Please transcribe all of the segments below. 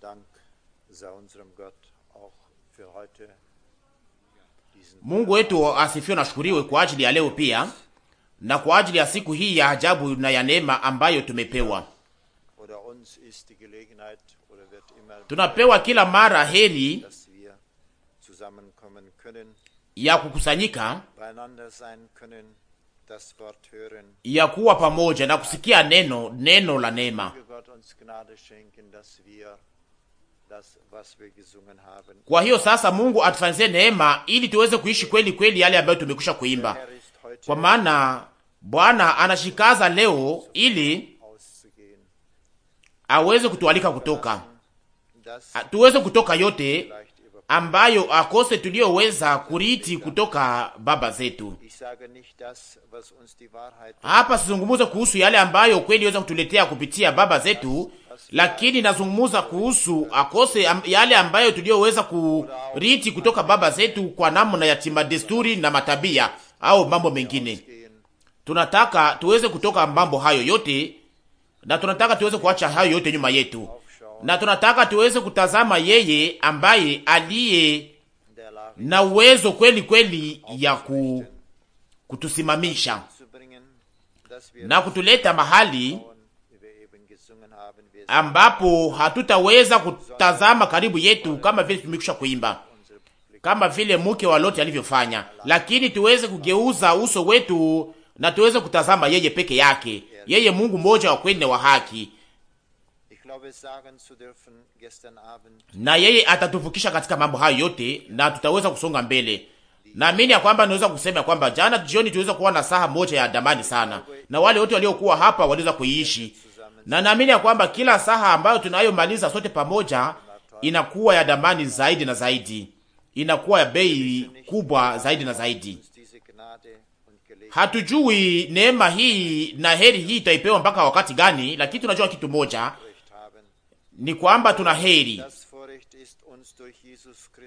Dank sei unserem Gott auch für heute. Mungu wetu asifiwe na shukuriwe kwa ajili ya leo pia na kwa ajili ya siku hii ya ajabu na ya neema ambayo tumepewa. Tunapewa kila mara heri ya kukusanyika, ya kuwa pamoja na kusikia neno neno la neema. Kwa hiyo sasa Mungu atufanyie neema ili tuweze kuishi kweli kweli yale ambayo tumekwisha kuimba, kwa maana Bwana anashikaza leo ili aweze kutualika kutoka tuweze kutoka yote ambayo akose tuliyoweza kuriti kutoka baba zetu. Hapa sizungumuza kuhusu yale ambayo kweli iweza kutuletea kupitia baba zetu, lakini nazungumuza kuhusu akose am, yale ambayo tuliyoweza kuriti kutoka baba zetu kwa namna ya tima desturi na matabia au mambo mengine. Tunataka tuweze kutoka mambo hayo yote na tunataka tuweze kuacha hayo yote nyuma yetu na tunataka tuweze kutazama yeye ambaye aliye na uwezo kweli kweli ya ku, kutusimamisha na kutuleta mahali ambapo hatutaweza kutazama karibu yetu, kama vile tumekwisha kuimba, kama vile mke wa Loti alivyofanya, lakini tuweze kugeuza uso wetu na tuweze kutazama yeye peke yake, yeye Mungu mmoja wa kweli na wa haki, na yeye atatuvukisha katika mambo hayo yote, na tutaweza kusonga mbele. Naamini ya kwamba naweza kusema kwamba jana jioni tuweza kuwa na saha moja ya damani sana, na wale wote waliokuwa hapa waliweza kuiishi, na naamini ya kwamba kila saha ambayo tunayomaliza sote pamoja inakuwa ya damani zaidi na zaidi, inakuwa ya bei kubwa zaidi na zaidi. Hatujui neema hii na heri hii itaipewa mpaka wakati gani, lakini tunajua kitu moja ni kwamba tuna heri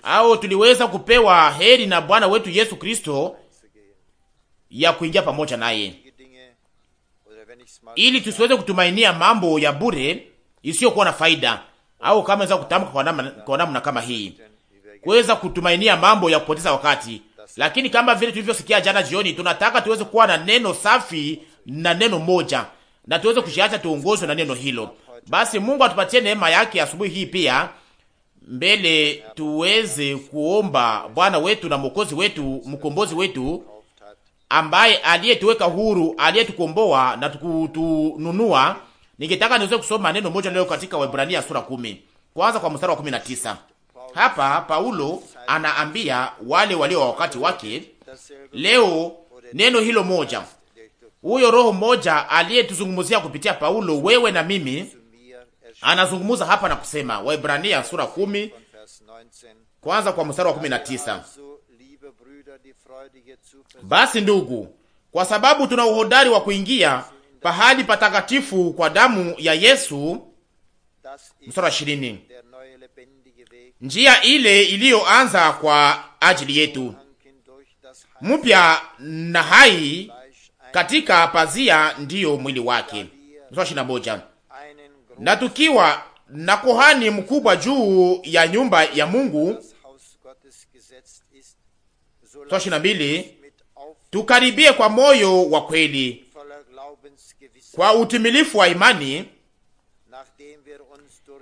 au tuliweza kupewa heri na Bwana wetu Yesu Kristo ya kuingia pamoja naye, ili tusiweze kutumainia mambo ya bure isiyokuwa na faida, au kama weza kutamka kwa namna kama hii, kuweza kutumainia mambo ya kupoteza wakati. Lakini kama vile tulivyosikia jana jioni, tunataka tuweze kuwa na neno safi na neno moja, na tuweze kushiacha tuongozwe na neno hilo. Basi Mungu atupatie neema yake asubuhi hii pia, mbele tuweze kuomba Bwana wetu na Mwokozi wetu, mkombozi wetu, ambaye aliyetuweka huru, aliyetukomboa na kutununua. Ningetaka niweze kusoma neno moja leo katika Waebrania sura kumi kwanza kwa mstari wa kumi na tisa. Hapa Paulo anaambia wale walio wa wakati wake, leo neno hilo moja, huyo roho moja aliyetuzungumzia kupitia Paulo, wewe na mimi anazungumuza hapa na kusema, Waebrania sura kumi kwanza kwa mstari wa kumi na tisa basi ndugu, kwa sababu tuna uhodari wa kuingia pahali patakatifu kwa damu ya Yesu. Mstari wa ishirini njia ile iliyoanza kwa ajili yetu mpya na hai katika pazia ndiyo mwili wake. Mstari wa ishirini na moja na tukiwa na kohani mkubwa juu ya nyumba ya Mungu mbili, tukaribie kwa moyo wa kweli kwa utimilifu wa imani,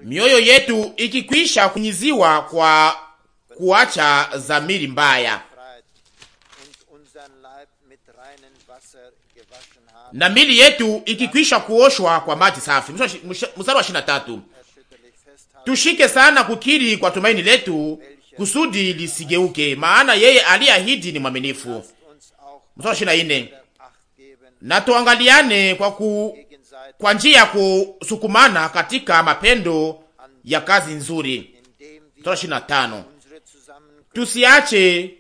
mioyo yetu ikikwisha kunyiziwa kwa kuacha dhamiri mbaya na mili yetu ikikwisha kuoshwa kwa maji safi. Mstari wa ishirini na tatu, tushike sana kukiri kwa tumaini letu kusudi lisigeuke, maana yeye aliahidi ni mwaminifu. Mstari wa ishirini na nne, na tuangaliane kwa ku kwa njia ya kusukumana katika mapendo ya kazi nzuri. Mstari wa ishirini na tano, tusiache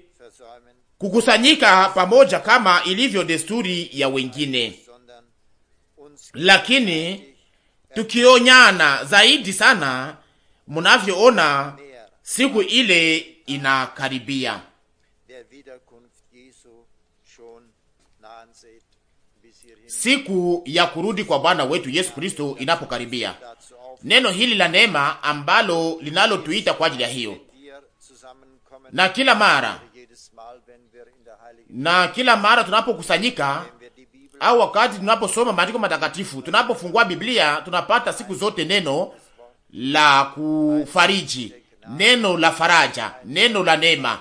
kukusanyika pamoja kama ilivyo desturi ya wengine, lakini tukionyana zaidi sana, mnavyoona siku ile inakaribia. Siku ya kurudi kwa Bwana wetu Yesu Kristo inapokaribia, neno hili la neema ambalo linalotuita kwa ajili ya hiyo, na kila mara na kila mara tunapokusanyika au wakati tunaposoma maandiko matakatifu, tunapofungua Biblia, tunapata siku zote neno la kufariji, neno la faraja, neno la neema,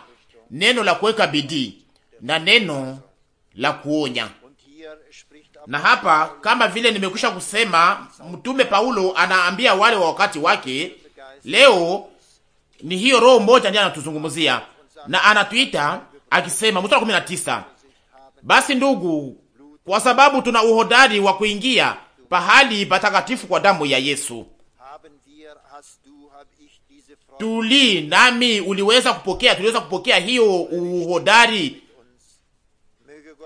neno la kuweka bidii na neno la kuonya. Na hapa kama vile nimekwisha kusema, mtume Paulo anaambia wale wa wakati wake, leo ni hiyo roho moja ndiye anatuzungumzia na anatuita akisema mstari wa tisa basi ndugu, kwa sababu tuna uhodari wa kuingia pahali patakatifu kwa damu ya Yesu, tuli nami uliweza kupokea, tuliweza kupokea hiyo uhodari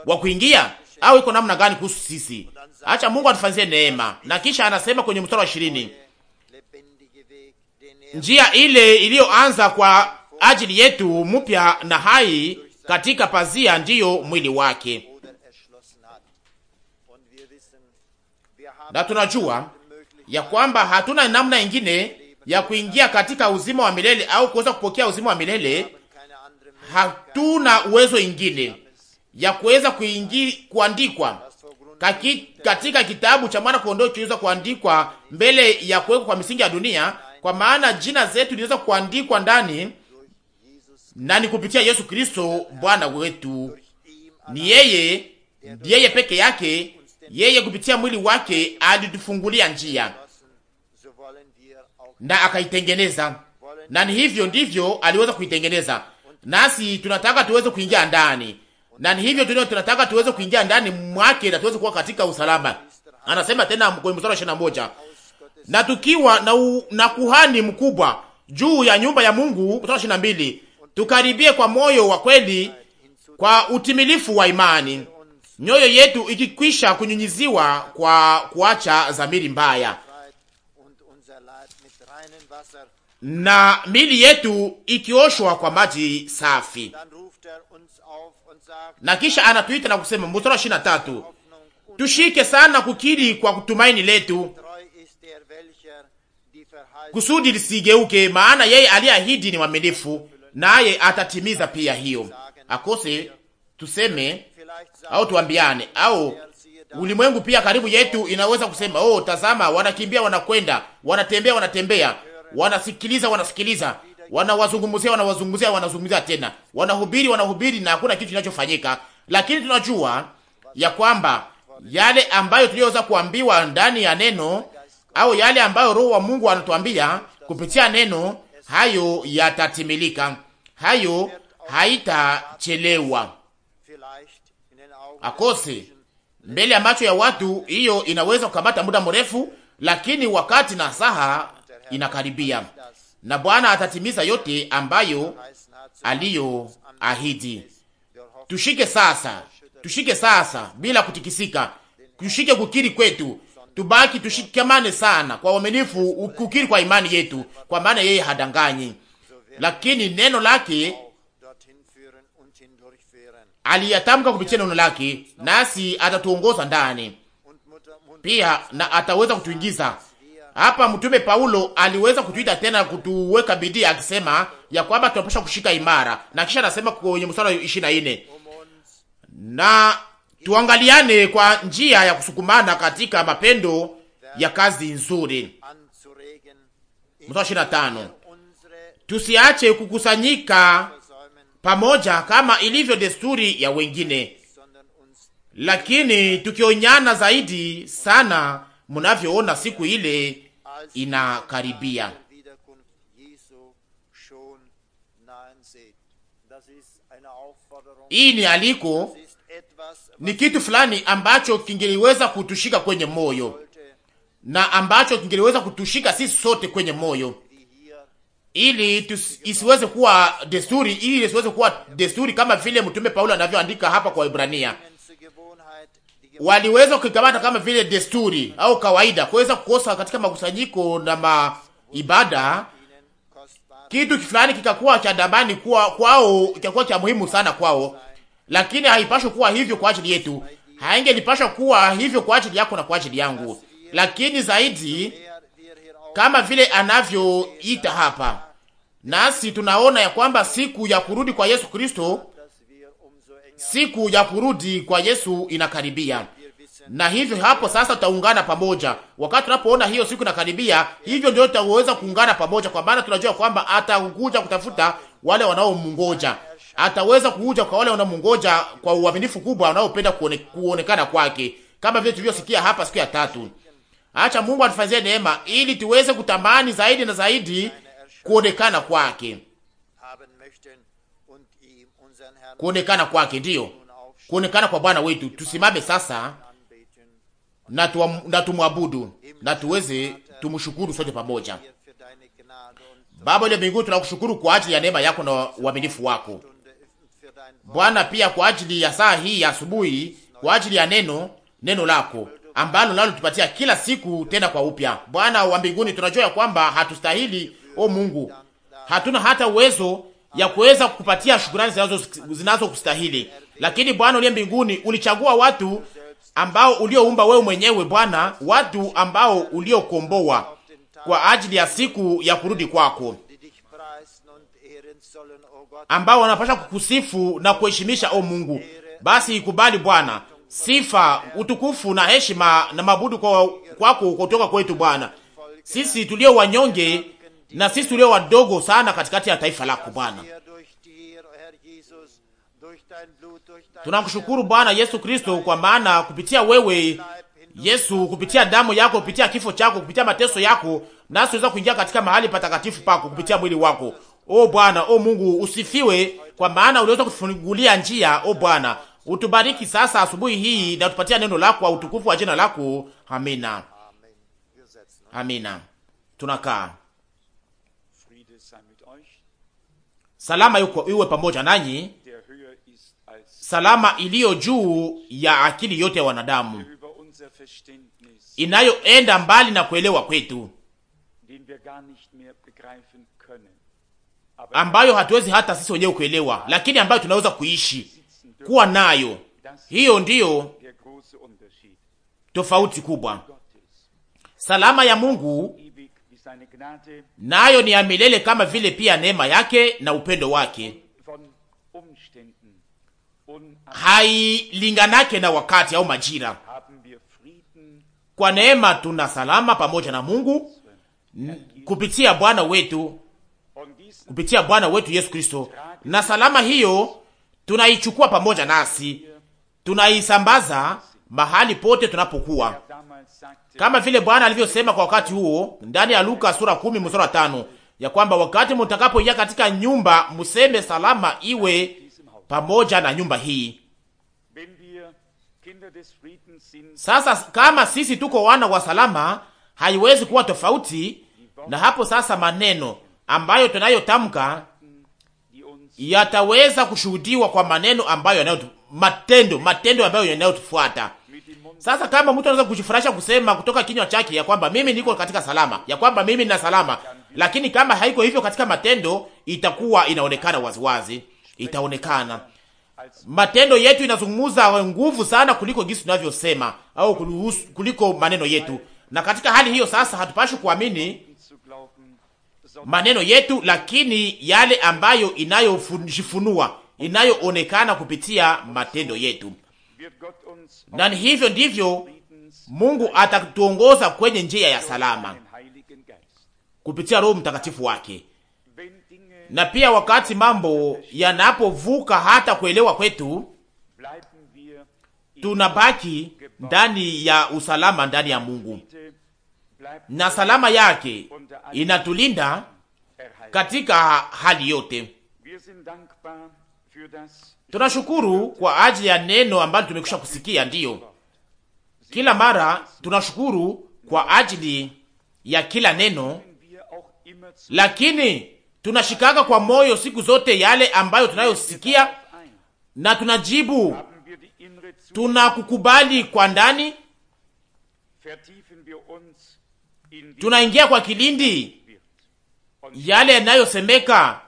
wa kuingia au iko namna gani kuhusu sisi? Acha Mungu atufanyie neema. Na kisha anasema kwenye mstari wa ishirini, njia ile iliyoanza kwa ajili yetu mpya na hai katika pazia ndiyo mwili wake, na tunajua ya kwamba hatuna namna ingine ya kuingia katika uzima wa milele au kuweza kupokea uzima wa milele. Hatuna uwezo ingine ya kuweza kuingi kuandikwa katika kitabu cha mwana kondoo kiliweza kuandikwa mbele ya kuwekwa kwa misingi ya dunia, kwa maana jina zetu liweza kuandikwa ndani na ni kupitia Yesu Kristo Bwana wetu. Ni yeye, yeye peke yake, yeye kupitia mwili wake alitufungulia njia na akaitengeneza, na ni hivyo ndivyo aliweza kuitengeneza, nasi tunataka tuweze kuingia ndani, na ni hivyo tunao tunataka tuweze kuingia ndani mwake na tuweze kuwa katika usalama. Anasema tena kwenye mstari wa na tukiwa na, u, na kuhani mkubwa juu ya nyumba ya Mungu, mstari wa tukaribie kwa moyo wa kweli kwa utimilifu wa imani, nyoyo yetu ikikwisha kunyunyiziwa kwa kuacha dhamiri mbaya na mili yetu ikioshwa kwa maji safi. Na kisha anatuita na kusema, mstari wa ishirini na tatu, tushike sana kukiri kwa kutumaini letu kusudi lisigeuke, maana yeye aliyeahidi ni mwaminifu naye atatimiza pia hiyo. Akose tuseme au tuambiane au ulimwengu pia karibu yetu inaweza kusema oh, tazama, wanakimbia wanakwenda, wanatembea wanatembea, wanasikiliza wanasikiliza, wanawazungumzia wanawazungumzia, wanazungumzia tena, wanahubiri wanahubiri, na hakuna kitu kinachofanyika. Lakini tunajua ya kwamba yale ambayo tuliyoweza kuambiwa ndani ya neno au yale ambayo Roho wa Mungu anatuambia kupitia neno hayo yatatimilika, hayo haitachelewa akose mbele ya macho ya watu. Hiyo inaweza kukamata muda mrefu, lakini wakati na saha inakaribia, na Bwana atatimiza yote ambayo aliyo ahidi Tushike sasa, tushike sasa bila kutikisika, tushike kukiri kwetu tubaki tushikamane sana kwa uaminifu, ukukiri kwa imani yetu, kwa maana yeye hadanganyi, lakini neno lake aliyatamka kupitia neno lake, nasi atatuongoza ndani pia, na ataweza kutuingiza hapa. Mtume Paulo aliweza kutuita tena kutuweka bidii, akisema ya kwamba tunapasha kushika imara, na kisha anasema kwenye mstari wa 24 na tuangaliane kwa njia ya kusukumana katika mapendo ya kazi nzuri. Mstari ishirini na tano, tusiache kukusanyika pamoja kama ilivyo desturi ya wengine, lakini tukionyana zaidi sana mnavyoona siku ile inakaribia. Hii ni aliko ni kitu fulani ambacho kingeliweza kutushika kwenye moyo na ambacho kingeliweza kutushika sisi sote kwenye moyo, ili isiweze kuwa desturi, ili isiweze kuwa desturi, kama vile mtume Paulo anavyoandika hapa kwa Ibrania, waliweza kukikamata kama vile desturi au kawaida, kuweza kukosa katika makusanyiko na maibada kitu fulani kikakuwa cha dambani kwao, kikakuwa cha muhimu sana kwao lakini haipashwi kuwa hivyo kwa ajili yetu, lipashwa kuwa hivyo kwa ajili yako na kwa ajili yangu, lakini zaidi kama vile anavyoita hapa, nasi tunaona ya kwamba siku ya kurudi kwa Yesu Kristo, siku ya kurudi kwa Yesu inakaribia na hivyo hapo sasa tutaungana pamoja. Wakati tunapoona hiyo siku inakaribia, hivyo ndio tutaweza kuungana pamoja, kwa maana tunajua kwamba atakuja kutafuta wale wanaomngoja ataweza kuja kwa wale wanamungoja kwa uaminifu kubwa wanaopenda kuone, kuonekana kwake, kama vile tulivyosikia hapa siku ya tatu. Acha Mungu atufanyie neema ili tuweze kutamani zaidi na zaidi kuonekana kwake, kuonekana kwake, ndiyo kuonekana kwa Bwana wetu. Tusimame sasa na tumwabudu na tuweze tumshukuru sote pamoja. Baba ile mbinguni, tunakushukuru kwa ajili ya neema yako na uaminifu wako. Bwana, pia kwa ajili ya saa hii ya asubuhi, kwa ajili ya neno neno lako ambalo nalo tupatia kila siku tena kwa upya. Bwana wa mbinguni, tunajua ya kwamba hatustahili, o Mungu, hatuna hata uwezo ya kuweza kukupatia shukrani zinazo zinazokustahili, lakini Bwana uliye mbinguni ulichagua watu ambao ulioumba wewe mwenyewe Bwana, watu ambao uliokomboa kwa ajili ya siku ya kurudi kwako ambao wanapasha kukusifu na kuheshimisha o Mungu. Basi ikubali Bwana sifa, utukufu na heshima na mabudu kwako kwa kutoka kwetu Bwana, sisi tulio wanyonge na sisi tulio wadogo sana katikati ya taifa lako Bwana. Tunakushukuru Bwana Yesu Kristo, kwa maana kupitia wewe Yesu, kupitia damu yako, kupitia kifo chako, kupitia mateso yako, nasi tunaweza kuingia katika mahali patakatifu pako kupitia mwili wako. O Bwana, o Mungu usifiwe, kwa maana uliweza kutufungulia njia. O Bwana, utubariki sasa asubuhi hii na utupatia neno lako, utukufu wa jina lako. Amina, amina. Tunakaa. Salama yuko iwe pamoja nanyi, salama iliyo juu ya akili yote ya wanadamu, inayoenda mbali na kuelewa kwetu ambayo hatuwezi hata sisi wenyewe kuelewa, lakini ambayo tunaweza kuishi kuwa nayo. Hiyo ndiyo tofauti kubwa. Salama ya Mungu nayo ni ya milele, kama vile pia neema yake na upendo wake hailinganake na wakati au majira. Kwa neema tuna salama pamoja na Mungu kupitia Bwana wetu kupitia Bwana wetu Yesu Kristo, na salama hiyo tunaichukua pamoja nasi, tunaisambaza mahali pote tunapokuwa, kama vile Bwana alivyosema kwa wakati huo ndani ya Luka sura 10 mstari wa ya kwamba wakati mtakapoingia katika nyumba museme salama iwe pamoja na nyumba hii. Sasa kama sisi tuko wana wa salama, haiwezi kuwa tofauti na hapo. Sasa maneno ambayo tunayotamka yataweza kushuhudiwa kwa maneno ambayo yanayo matendo matendo ambayo yanayotufuata. Sasa kama mtu anaweza kujifurahisha kusema kutoka kinywa chake ya kwamba mimi niko katika salama, ya kwamba mimi nina salama, lakini kama haiko hivyo katika matendo, itakuwa inaonekana waziwazi, itaonekana matendo yetu inazungumza nguvu sana kuliko jinsi tunavyosema au kuliko maneno yetu. Na katika hali hiyo sasa, hatupashi kuamini maneno yetu, lakini yale ambayo inayojifunua inayoonekana kupitia matendo yetu, na hivyo ndivyo Mungu atatuongoza kwenye njia ya salama kupitia Roho Mtakatifu wake. Na pia wakati mambo yanapovuka hata kuelewa kwetu, tunabaki ndani ya usalama ndani ya Mungu na salama yake inatulinda katika hali yote. Tunashukuru kwa ajili ya neno ambalo tumekwisha kusikia, ndiyo. Kila mara tunashukuru kwa ajili ya kila neno, lakini tunashikaka kwa moyo siku zote yale ambayo tunayosikia na tunajibu, tunakukubali kwa ndani tunaingia kwa kilindi yale yanayosemeka,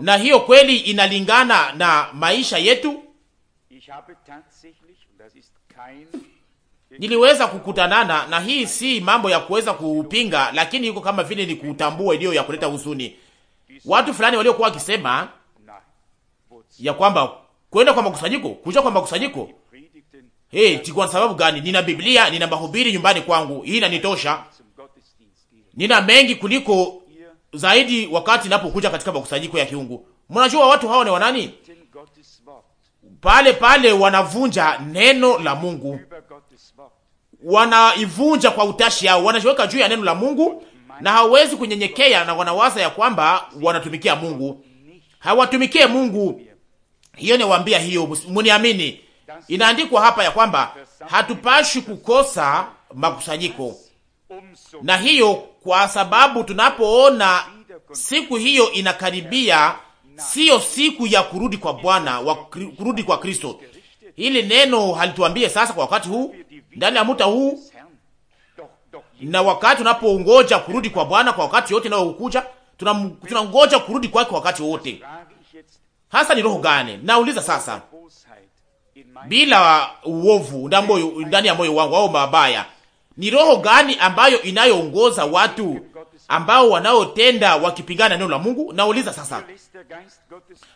na hiyo kweli inalingana na maisha yetu. Niliweza kukutanana na hii, si mambo ya kuweza kuupinga, lakini iko kama vile ni kutambua iliyo ya kuleta huzuni. Watu fulani waliokuwa wakisema ya kwamba kwenda kwa makusanyiko, kuja kwa makusanyiko, hey, chikuwa sababu gani? Nina Biblia, nina mahubiri nyumbani kwangu, hii inanitosha nina mengi kuliko zaidi wakati napokuja katika makusanyiko ya kiungu. Mnajua watu hao ni wanani? Pale pale wanavunja neno la Mungu, wanaivunja kwa utashi yao, wanajiweka juu ya neno la Mungu na hawawezi kunyenyekea, na wanawaza ya kwamba wanatumikia Mungu. Hawatumikie Mungu. Hiyo niwaambia hiyo, muniamini Inaandikwa hapa ya kwamba hatupashi kukosa makusanyiko na hiyo kwa sababu tunapoona siku hiyo inakaribia, siyo siku ya kurudi kwa Bwana wa kurudi kwa Kristo. Hili neno halituambie sasa kwa wakati huu ndani ya muta huu na wakati tunapongoja kurudi kwa Bwana kwa wakati yote inayokuja, tunangoja kurudi kwake kwa wakati wote. Hasa ni roho gani? Nauliza sasa, bila uovu ndani ya moyo wangu au mabaya ni roho gani ambayo inayoongoza watu ambao wanaotenda wakipingana neno la Mungu? Nauliza sasa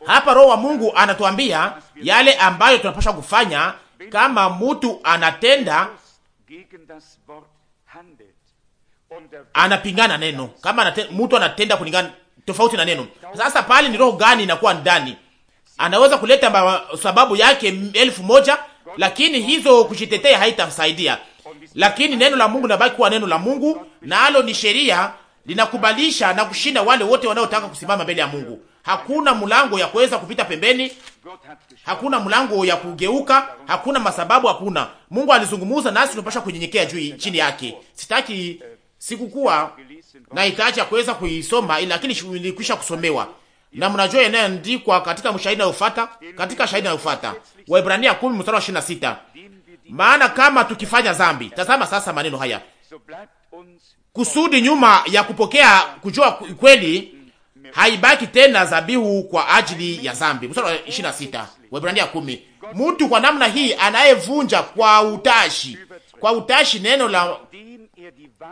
hapa, roho wa Mungu anatuambia yale ambayo tunapaswa kufanya kama mtu anatenda anapingana neno, kama anatenda, mtu anatenda kulingana tofauti na neno. Sasa pale ni roho gani inakuwa ndani? Anaweza kuleta sababu yake elfu moja, lakini hizo kujitetea haitamsaidia lakini neno la Mungu linabaki kuwa neno la Mungu, nalo ni sheria, linakubalisha na kushinda wale wote wanaotaka kusimama mbele ya Mungu. Hakuna mlango ya kuweza kupita pembeni, hakuna mlango ya kugeuka, hakuna masababu, hakuna. Mungu alizungumza nasi, tunapaswa kunyenyekea juu chini yake. Sitaki sikukuwa na itaacha kuweza kuisoma, lakini nilikwisha kusomewa na mnajua inayoandikwa katika mshahidi unayofuata, katika shahidi unayofuata Waebrania 10 mstari wa 26 maana kama tukifanya zambi Tazama sasa maneno haya, kusudi nyuma ya kupokea kujua kweli haibaki tena zabihu kwa ajili ya zambi Mstari wa 26 Waebrania 10. Mtu kwa namna hii anayevunja kwa utashi, kwa utashi neno la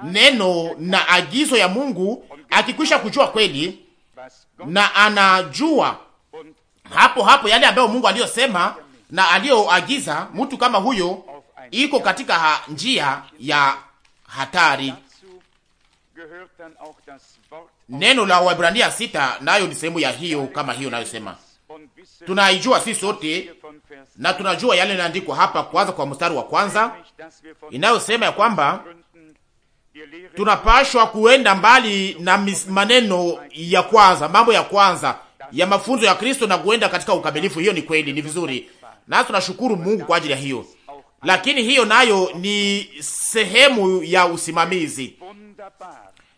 neno na agizo ya Mungu, akikwisha kujua kweli na anajua hapo hapo yale ambayo Mungu aliyosema na aliyoagiza, mtu kama huyo iko katika ha, njia ya hatari. Neno la Waebrania sita nayo ni sehemu ya hiyo, kama hiyo nayosema, tunaijua si sote na tunajua yale inaandikwa hapa, kwanza kwa mstari wa kwanza inayosema ya kwamba tunapashwa kuenda mbali na maneno ya kwanza, mambo ya kwanza ya mafunzo ya Kristo na kuenda katika ukamilifu. Hiyo ni kweli, ni vizuri, na tunashukuru Mungu kwa ajili ya hiyo lakini hiyo nayo ni sehemu ya usimamizi.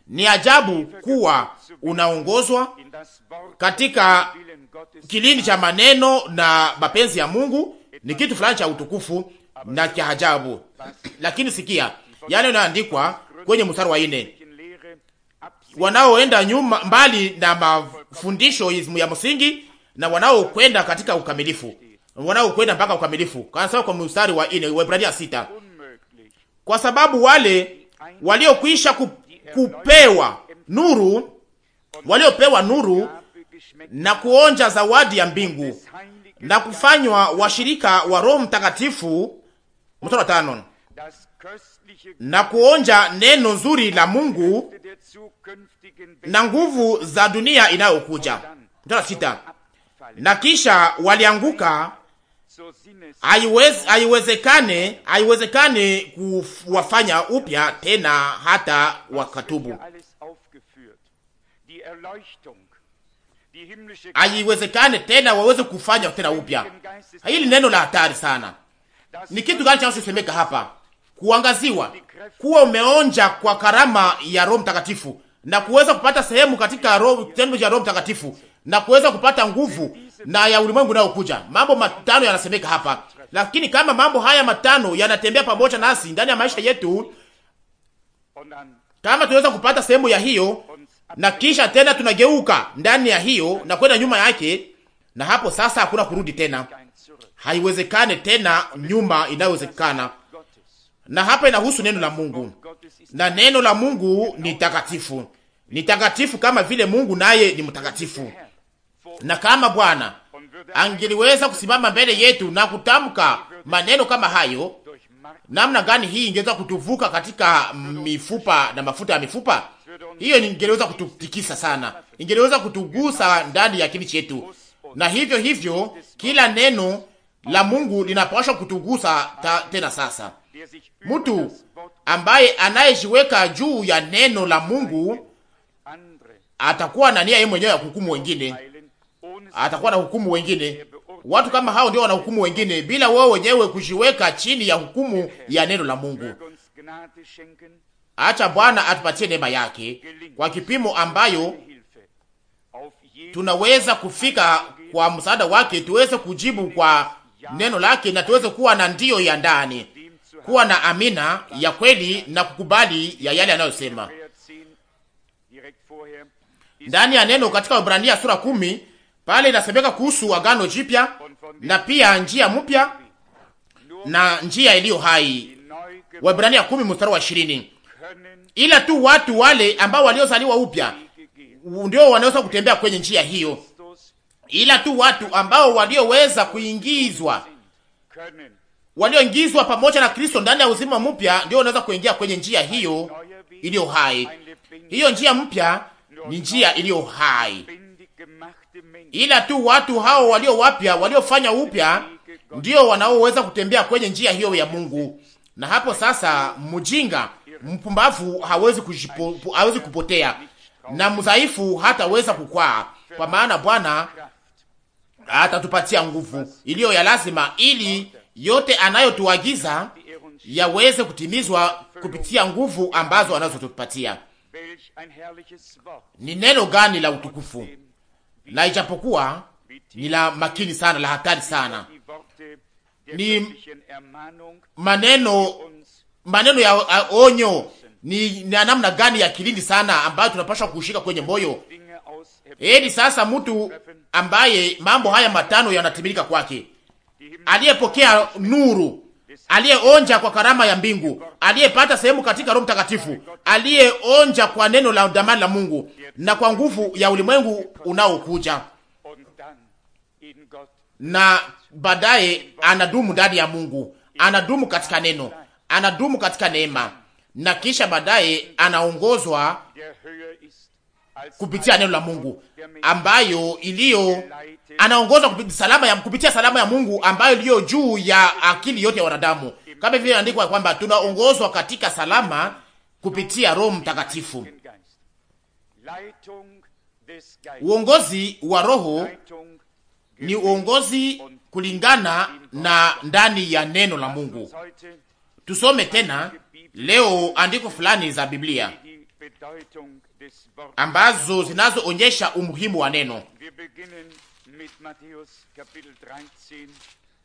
Ni ajabu kuwa unaongozwa katika kilindi cha maneno na mapenzi ya Mungu, ni kitu fulani cha utukufu na cha ajabu. Lakini sikia yale yanayoandikwa kwenye mstari wa nne, wanaoenda nyuma mbali na mafundisho ya msingi na wanaokwenda katika ukamilifu wanaokwenda mpaka ukamilifu, kanasema kwa mstari wa ine Waebrania sita, kwa sababu wale waliokwisha ku, kupewa nuru, waliopewa nuru na kuonja zawadi ya mbingu na kufanywa washirika wa Roho Mtakatifu, mstari wa tano, na kuonja neno nzuri la Mungu na nguvu za dunia inayokuja. Mstari wa sita, na kisha walianguka haiwezekane haiwezekane kuwafanya upya tena hata wakatubu, haiwezekane tena waweze kufanya tena upya. Hili neno la hatari sana. Ni kitu gani chanachosemeka hapa? Kuangaziwa, kuwa umeonja kwa karama ya Roho Mtakatifu na kuweza kupata sehemu katika roho, tendo cha Roho Mtakatifu na kuweza kupata nguvu na ya ulimwengu nayokuja. Mambo matano yanasemeka hapa, lakini kama mambo haya matano yanatembea pamoja nasi ndani ya maisha yetu, kama tunaweza kupata sehemu ya hiyo, na kisha tena tunageuka ndani ya hiyo na kwenda nyuma yake, na hapo sasa hakuna kurudi tena, haiwezekane tena nyuma inayowezekana. Na hapa inahusu neno la Mungu, na neno la Mungu ni takatifu, ni takatifu kama vile Mungu naye ni mtakatifu na kama Bwana angeliweza kusimama mbele yetu na kutamka maneno kama hayo, namna gani hii ingeweza kutuvuka katika mifupa na mafuta ya mifupa hiyo, ingeliweza kututikisa sana, ingeliweza kutugusa ndani ya kini chetu. Na hivyo hivyo kila neno la Mungu linapaswa kutugusa ta, tena sasa. Mtu ambaye anayejiweka juu ya neno la Mungu atakuwa na nia yeye mwenyewe ya kuhukumu wengine atakuwa na hukumu wengine. Watu kama hao ndio wanahukumu wengine bila wao wenyewe kujiweka chini ya hukumu ya neno la Mungu. Acha Bwana atupatie neema yake kwa kipimo ambayo tunaweza kufika kwa msaada wake, tuweze kujibu kwa neno lake na tuweze kuwa na ndiyo ya ndani, kuwa na amina ya kweli na kukubali ya yale anayosema ndani ya neno katika Ibrania sura kumi pale inasemeka kuhusu agano jipya na pia njia mpya na njia iliyo hai, Waebrania 10 mstari wa 20. Ila tu watu wale ambao waliozaliwa upya ndio wanaweza kutembea kwenye njia hiyo, ila tu watu ambao walioweza kuingizwa, walioingizwa pamoja na Kristo ndani ya uzima mpya, ndio wanaweza kuingia kwenye njia hiyo iliyo hai. Hiyo njia mpya ni njia iliyo hai ila tu watu hao walio wapya, waliofanya upya, ndio wanaoweza kutembea kwenye njia hiyo ya Mungu. Na hapo sasa, mjinga mpumbavu hawezi kujipo, hawezi kupotea na mdhaifu hataweza kukwaa, kwa maana Bwana atatupatia nguvu iliyo ya lazima, ili yote anayotuagiza yaweze kutimizwa kupitia nguvu ambazo anazotupatia. Ni neno gani la utukufu! la ijapokuwa ni la makini sana, la hatari sana. Ni maneno maneno ya onyo ni na namna gani ya kilindi sana ambayo tunapaswa kushika kwenye moyo. Heri sasa mtu ambaye mambo haya matano yanatimilika kwake, aliyepokea nuru aliyeonja kwa karama ya mbingu, aliyepata sehemu katika Roho Mtakatifu, aliyeonja kwa neno la damani la Mungu na kwa nguvu ya ulimwengu unaokuja, na baadaye anadumu ndani ya Mungu, anadumu katika neno, anadumu katika neema, na kisha baadaye anaongozwa kupitia neno la Mungu ambayo iliyo anaongozwa salama ya kupitia salama ya Mungu ambayo iliyo juu ya akili yote ya wanadamu, kama vile inaandikwa kwamba tunaongozwa katika salama kupitia Roho Mtakatifu. Uongozi wa Roho ni uongozi kulingana na ndani ya neno la Mungu. Tusome tena leo andiko fulani za Biblia ambazo zinazoonyesha umuhimu wa neno.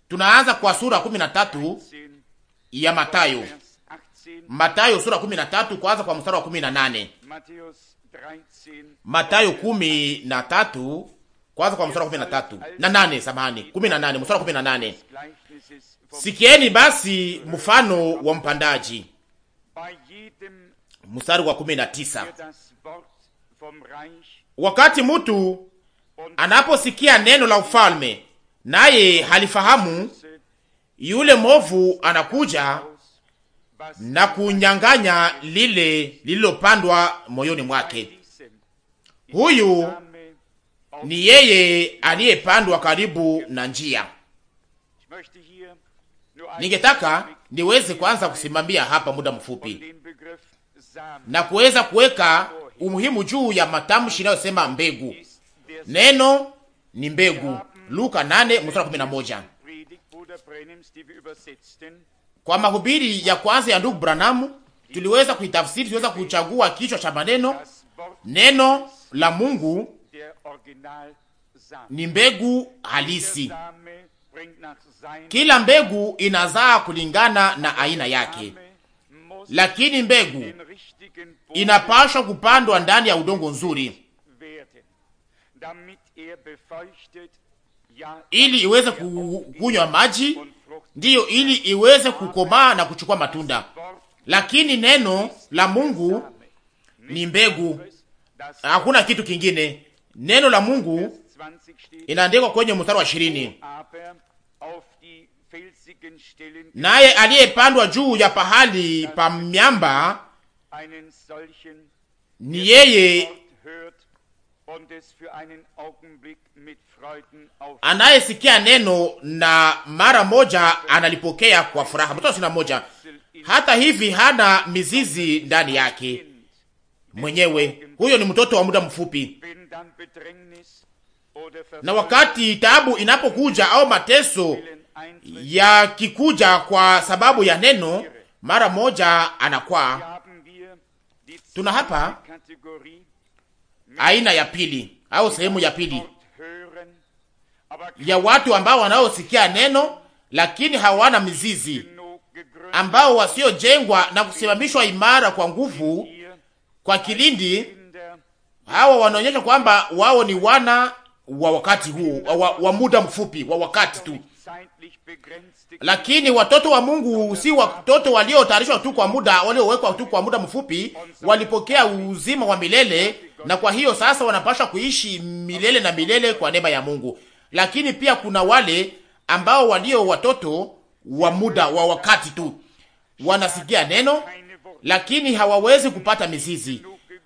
Tunaanza kwa sura 13 ya Matayo. Matayo sura 13 kwanza kwa mstari wa 18. Matayo 13 kwanza kwa mstari wa 13. Na nane, samahani. 18, mstari wa 18. Sikieni basi mfano wa mpandaji. Mstari wa 19. Wakati mtu anaposikia neno la ufalme naye halifahamu, yule movu anakuja na kunyang'anya lile lililopandwa moyoni mwake. Huyu ni yeye aliyepandwa karibu na njia. Ningetaka niweze kwanza kusimamia hapa muda mfupi na kuweza kuweka umuhimu juu ya matamshi inayosema mbegu Neno ni mbegu, Luka 8 mstari 11. Kwa mahubiri ya kwanza ya ndugu Branamu tuliweza kuitafsiri, tuliweza kuchagua kichwa cha maneno, neno la Mungu ni mbegu halisi. Kila mbegu inazaa kulingana na aina yake, lakini mbegu inapashwa kupandwa ndani ya udongo nzuri Er ili iweze er kunywa maji, ndiyo, ili iweze kukomaa na kuchukua matunda. Lakini neno la Mungu ni mbegu, hakuna kitu kingine. Neno la Mungu inaandikwa kwenye mstari wa ishirini, naye aliyepandwa juu ya pahali pa miamba ni yeye Anayesikia neno na mara moja analipokea kwa furaha. Mtoto sina moja, hata hivi hana mizizi ndani yake mwenyewe. Huyo ni mtoto wa muda mfupi, na wakati taabu inapokuja au mateso yakikuja kwa sababu ya neno, mara moja anakwaa. Tuna hapa aina ya pili au sehemu ya pili ya watu ambao wanaosikia neno lakini hawana mizizi, ambao wasiojengwa na kusimamishwa imara kwa nguvu, kwa kilindi. Hawa wanaonyesha kwamba wao ni wana wa wakati huu wa, wa muda mfupi wa wakati tu, lakini watoto wa Mungu si watoto waliotayarishwa tu kwa muda, waliowekwa tu kwa muda mfupi, walipokea uzima wa milele, na kwa hiyo sasa wanapaswa kuishi milele na milele kwa neema ya Mungu. Lakini pia kuna wale ambao walio watoto wa muda wa wakati tu, wanasikia neno lakini hawawezi kupata mizizi,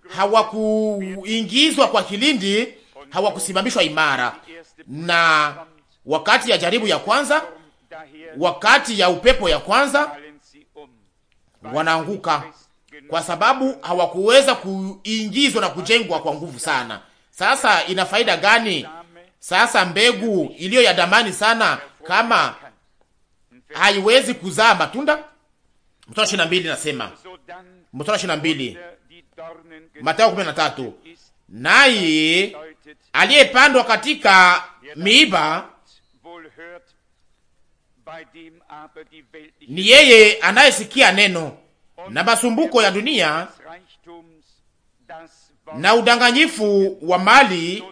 hawakuingizwa kwa kilindi, hawakusimamishwa imara na wakati ya jaribu ya kwanza, wakati ya upepo ya kwanza, wanaanguka kwa sababu hawakuweza kuingizwa na kujengwa kwa nguvu sana. Sasa ina faida gani sasa mbegu iliyo ya damani sana kama haiwezi kuzaa matunda? Mstari ishirini na mbili nasema, mstari ishirini na mbili Mathayo kumi na tatu naye aliyepandwa katika miiba ni yeye anayesikia neno na masumbuko ya dunia na udanganyifu wa mali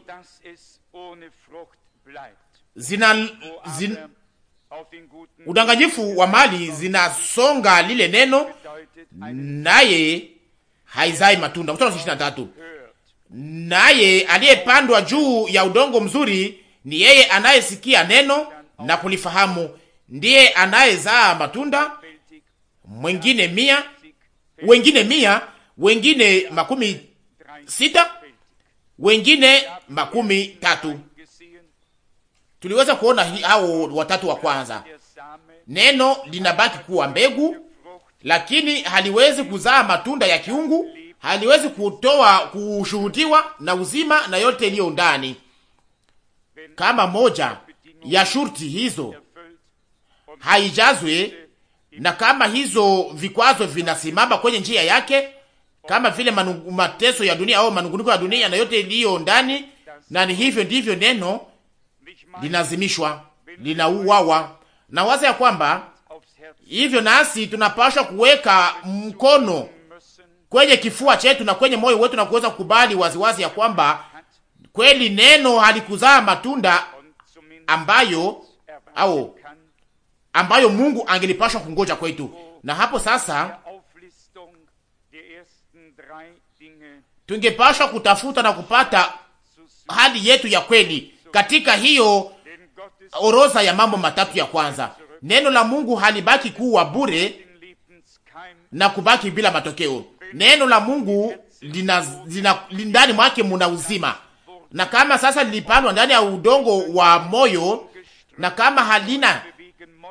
zina, zin, udanganyifu wa mali zinasonga lile neno naye haizai matunda. Naye aliyepandwa juu ya udongo mzuri ni yeye anayesikia neno na kulifahamu ndiye anayezaa matunda, mwengine mia, wengine mia, wengine makumi sita, wengine makumi tatu. Tuliweza kuona hao watatu wa kwanza. Neno linabaki kuwa mbegu, lakini haliwezi kuzaa matunda ya kiungu, haliwezi kutoa kushuhudiwa na uzima na yote iliyo ndani, kama moja ya shurti hizo haijazwe, na kama hizo vikwazo vinasimama kwenye njia yake, kama vile mateso ya dunia au manunguniko ya dunia na yote iliyo ndani, na ni hivyo ndivyo neno linazimishwa, linauawa na waza ya kwamba hivyo nasi tunapaswa kuweka mkono kwenye kifua chetu na kwenye moyo wetu na kuweza kukubali waziwazi ya kwamba kweli neno halikuzaa matunda ambayo au ambayo Mungu angelipashwa kungoja kwetu. Na hapo sasa tungepashwa kutafuta na kupata hali yetu ya kweli katika hiyo orodha ya mambo matatu ya kwanza. Neno la Mungu halibaki kuwa bure na kubaki bila matokeo. Neno la Mungu ndani mwake muna uzima, na kama sasa lilipandwa ndani ya udongo wa moyo, na kama halina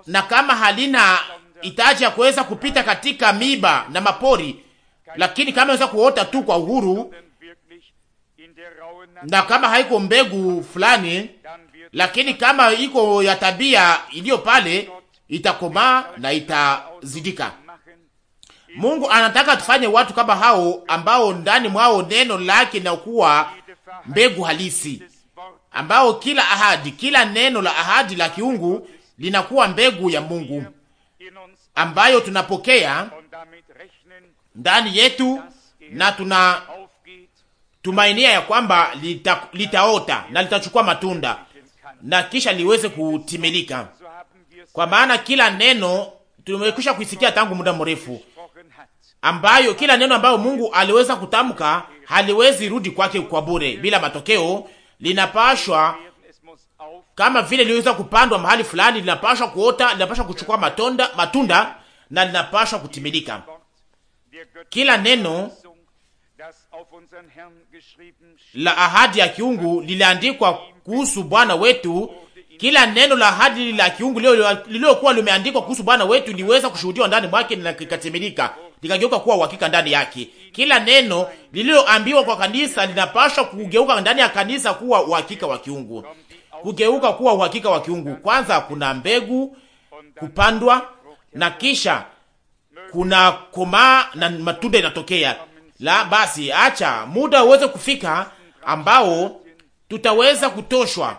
na kama halina hitaji ya kuweza kupita katika miba na mapori, lakini kama inaweza kuota tu kwa uhuru, na kama haiko mbegu fulani, lakini kama iko ya tabia iliyo pale, itakomaa na itazidika. Mungu anataka tufanye watu kama hao ambao ndani mwao neno lake linakuwa mbegu halisi, ambao kila ahadi, kila neno la ahadi la kiungu linakuwa mbegu ya Mungu ambayo tunapokea ndani yetu na tunatumainia ya kwamba lita, litaota na litachukua matunda na kisha liweze kutimilika, kwa maana kila neno tumekwisha kuisikia tangu muda mrefu, ambayo kila neno ambayo Mungu aliweza kutamka haliwezi rudi kwake kwa bure bila matokeo, linapashwa kama vile liweza kupandwa mahali fulani, linapashwa kuota, linapashwa kuchukua matonda, matunda na linapashwa kutimilika. Kila neno la ahadi ya kiungu liliandikwa kuhusu Bwana wetu. Kila neno la ahadi la kiungu lililokuwa limeandikwa kuhusu Bwana wetu liweza kushuhudiwa ndani mwake na likatimilika, likageuka kuwa uhakika ndani yake. Kila neno lililoambiwa kwa kanisa linapaswa kugeuka ndani ya kanisa kuwa uhakika wa kiungu kugeuka kuwa uhakika wa kiungu. Kwanza kuna mbegu kupandwa na kisha kuna komaa na matunda inatokea. La basi, acha muda uweze kufika ambao tutaweza kutoshwa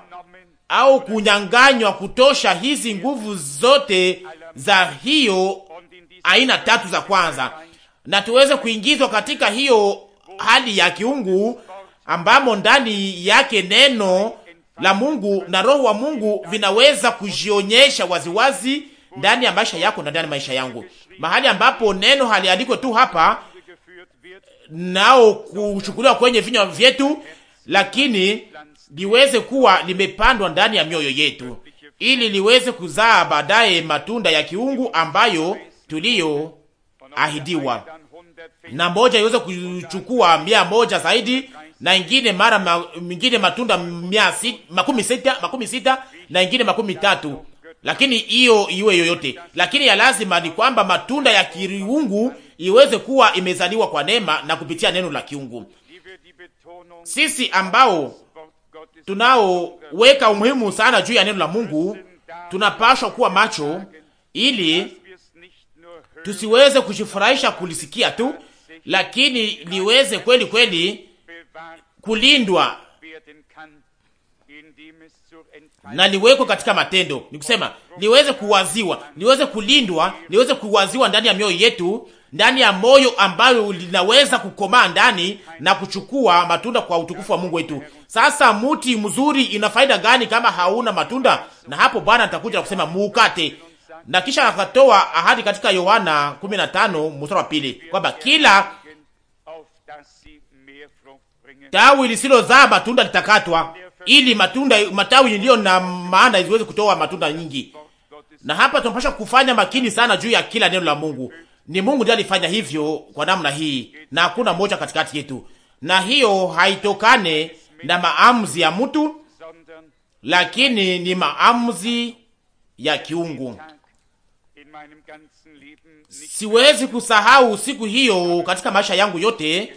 au kunyanganywa kutosha hizi nguvu zote za hiyo aina tatu za kwanza, na tuweze kuingizwa katika hiyo hali ya kiungu ambamo ndani yake neno la Mungu na roho wa Mungu vinaweza kujionyesha waziwazi ndani ya maisha yako na ndani ya maisha yangu, mahali ambapo neno haliandikwe tu hapa nao kuchukuliwa kwenye vinywa vyetu, lakini liweze kuwa limepandwa ndani ya mioyo yetu, ili liweze kuzaa baadaye matunda ya kiungu ambayo tuliyo ahidiwa, na moja iweze kuchukua mia moja zaidi na ingine mara ma, ingine matunda mia sita, makumi sita, makumi sita na ingine makumi tatu, lakini hiyo iwe yoyote. Lakini ya lazima ni kwamba matunda ya kiungu iweze kuwa imezaliwa kwa neema na kupitia neno la kiungu. Sisi ambao tunaoweka umuhimu sana juu ya neno la Mungu tunapashwa kuwa macho ili tusiweze kujifurahisha kulisikia tu, lakini liweze kweli kweli kulindwa na liwekwe katika matendo, nikusema liweze kuwaziwa, liweze kulindwa, liweze kuwaziwa ndani ya mioyo yetu, ndani ya moyo ambayo linaweza kukomaa ndani na kuchukua matunda kwa utukufu wa Mungu wetu. Sasa muti mzuri ina faida gani kama hauna matunda? Na hapo Bwana atakuja kusema muukate, na kisha akatoa ahadi katika Yohana 15 mstari wa pili kwamba kila Tawi lisilozaa matunda litakatwa, ili matunda matawi iliyo na maana ziweze kutoa matunda nyingi. Na hapa tunapaswa kufanya makini sana juu ya kila neno la Mungu. Ni Mungu ndiye alifanya hivyo kwa namna hii, na hakuna mmoja katikati yetu, na hiyo haitokane na maamuzi ya mtu, lakini ni maamuzi ya kiungu. Siwezi kusahau siku hiyo katika maisha yangu yote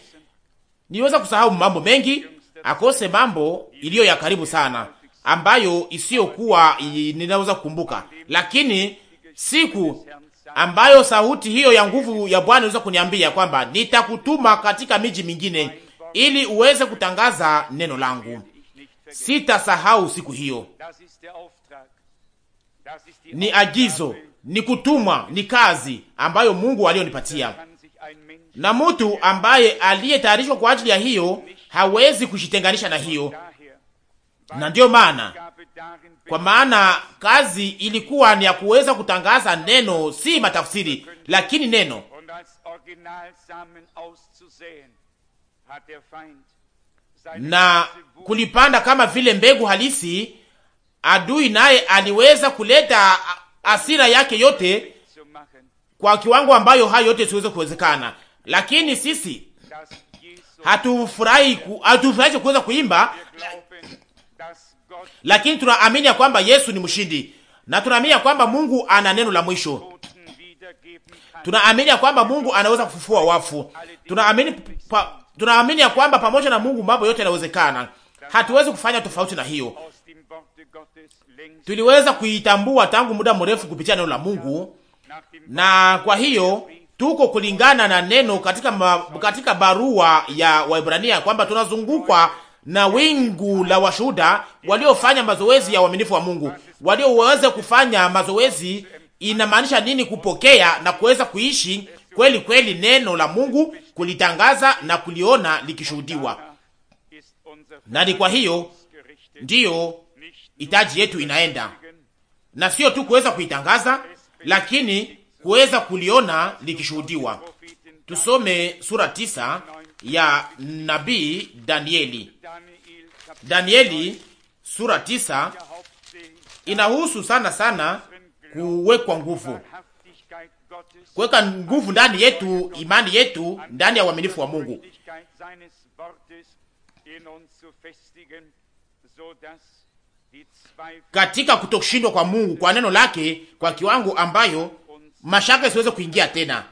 Niweza kusahau mambo mengi, akose mambo iliyo ya karibu sana ambayo isiyokuwa ninaweza kukumbuka, lakini siku ambayo sauti hiyo ya nguvu ya Bwana iliweza kuniambia kwamba nitakutuma katika miji mingine ili uweze kutangaza neno langu. Sitasahau siku hiyo. Ni agizo, ni kutumwa, ni kazi ambayo Mungu alionipatia na mtu ambaye aliyetayarishwa kwa ajili ya hiyo hawezi kujitenganisha na hiyo, na ndiyo maana, kwa maana kazi ilikuwa ni ya kuweza kutangaza neno, si matafsiri, lakini neno na kulipanda kama vile mbegu halisi. Adui naye aliweza kuleta asira yake yote kwa kiwango ambayo hayo yote siweze kuwezekana lakini sisi hatufurahi ku, hatufurahi kuweza kuimba, lakini tunaamini ya kwamba Yesu ni mshindi na tunaamini ya kwamba Mungu ana neno la mwisho. Tunaamini ya kwamba Mungu anaweza kufufua wafu. Tunaamini pa, tunaamini ya kwamba pamoja na Mungu mambo yote yanawezekana. Hatuwezi kufanya tofauti na hiyo. Tuliweza kuitambua tangu muda mrefu kupitia neno la Mungu, na kwa hiyo tuko kulingana na neno katika, ma, katika barua ya Waibrania kwamba tunazungukwa na wingu la washuhuda waliofanya mazoezi ya uaminifu wa Mungu, walioweza kufanya mazoezi. Inamaanisha nini kupokea na kuweza kuishi kweli kweli neno la Mungu, kulitangaza na kuliona likishuhudiwa. Na ni kwa hiyo ndiyo hitaji yetu inaenda, na sio tu kuweza kuitangaza, lakini kuweza kuliona likishuhudiwa. Tusome sura tisa ya nabii Danieli. Danieli sura tisa inahusu sana sana kuwekwa nguvu, kuweka nguvu ndani yetu, imani yetu ndani ya uaminifu wa Mungu katika kutoshindwa kwa Mungu kwa neno lake kwa kiwango ambayo mashaka isiweze kuingia tena,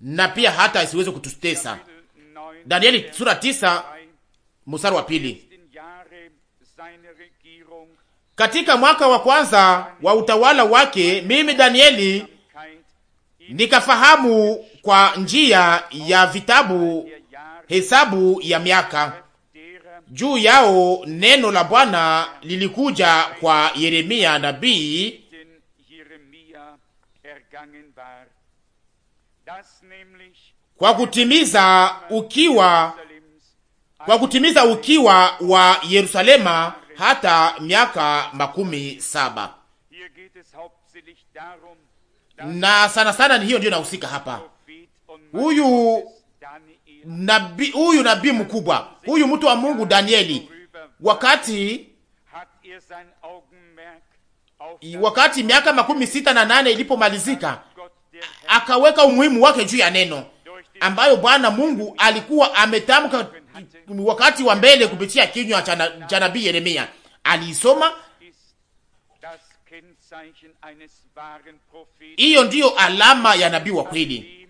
na pia hata isiweze kututesa. Danieli sura tisa mstari wa pili. Katika mwaka wa kwanza wa utawala wake, mimi Danieli nikafahamu kwa njia ya vitabu hesabu ya miaka. Juu yao neno la Bwana lilikuja kwa Yeremia nabii kwa kutimiza ukiwa kwa kutimiza ukiwa wa Yerusalema hata miaka makumi saba na sana sana ni hiyo ndiyo inahusika hapa. Huyu nabii huyu nabii mkubwa huyu mtu wa Mungu Danieli, wakati er wakati miaka makumi sita na nane ilipomalizika akaweka umuhimu wake juu ya neno ambayo Bwana Mungu alikuwa ametamka wakati wa mbele kupitia kinywa cha nabii Yeremia. Aliisoma hiyo, ndiyo alama ya nabii wa kweli.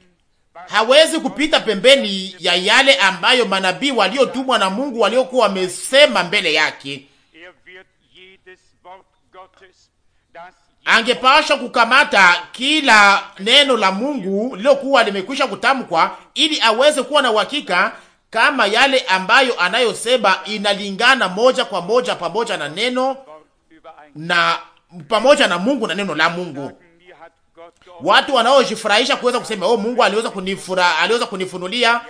Hawezi kupita pembeni ya yale ambayo manabii waliotumwa na Mungu waliokuwa wamesema mbele yake. Er angepasha kukamata kila neno la Mungu lilokuwa limekwisha kutamkwa ili aweze kuwa na uhakika kama yale ambayo anayosema inalingana moja kwa moja pamoja na neno na pamoja na Mungu na neno la Mungu. Watu wanaojifurahisha kuweza kusema oh, Mungu aliweza kunifura, aliweza kunifunulia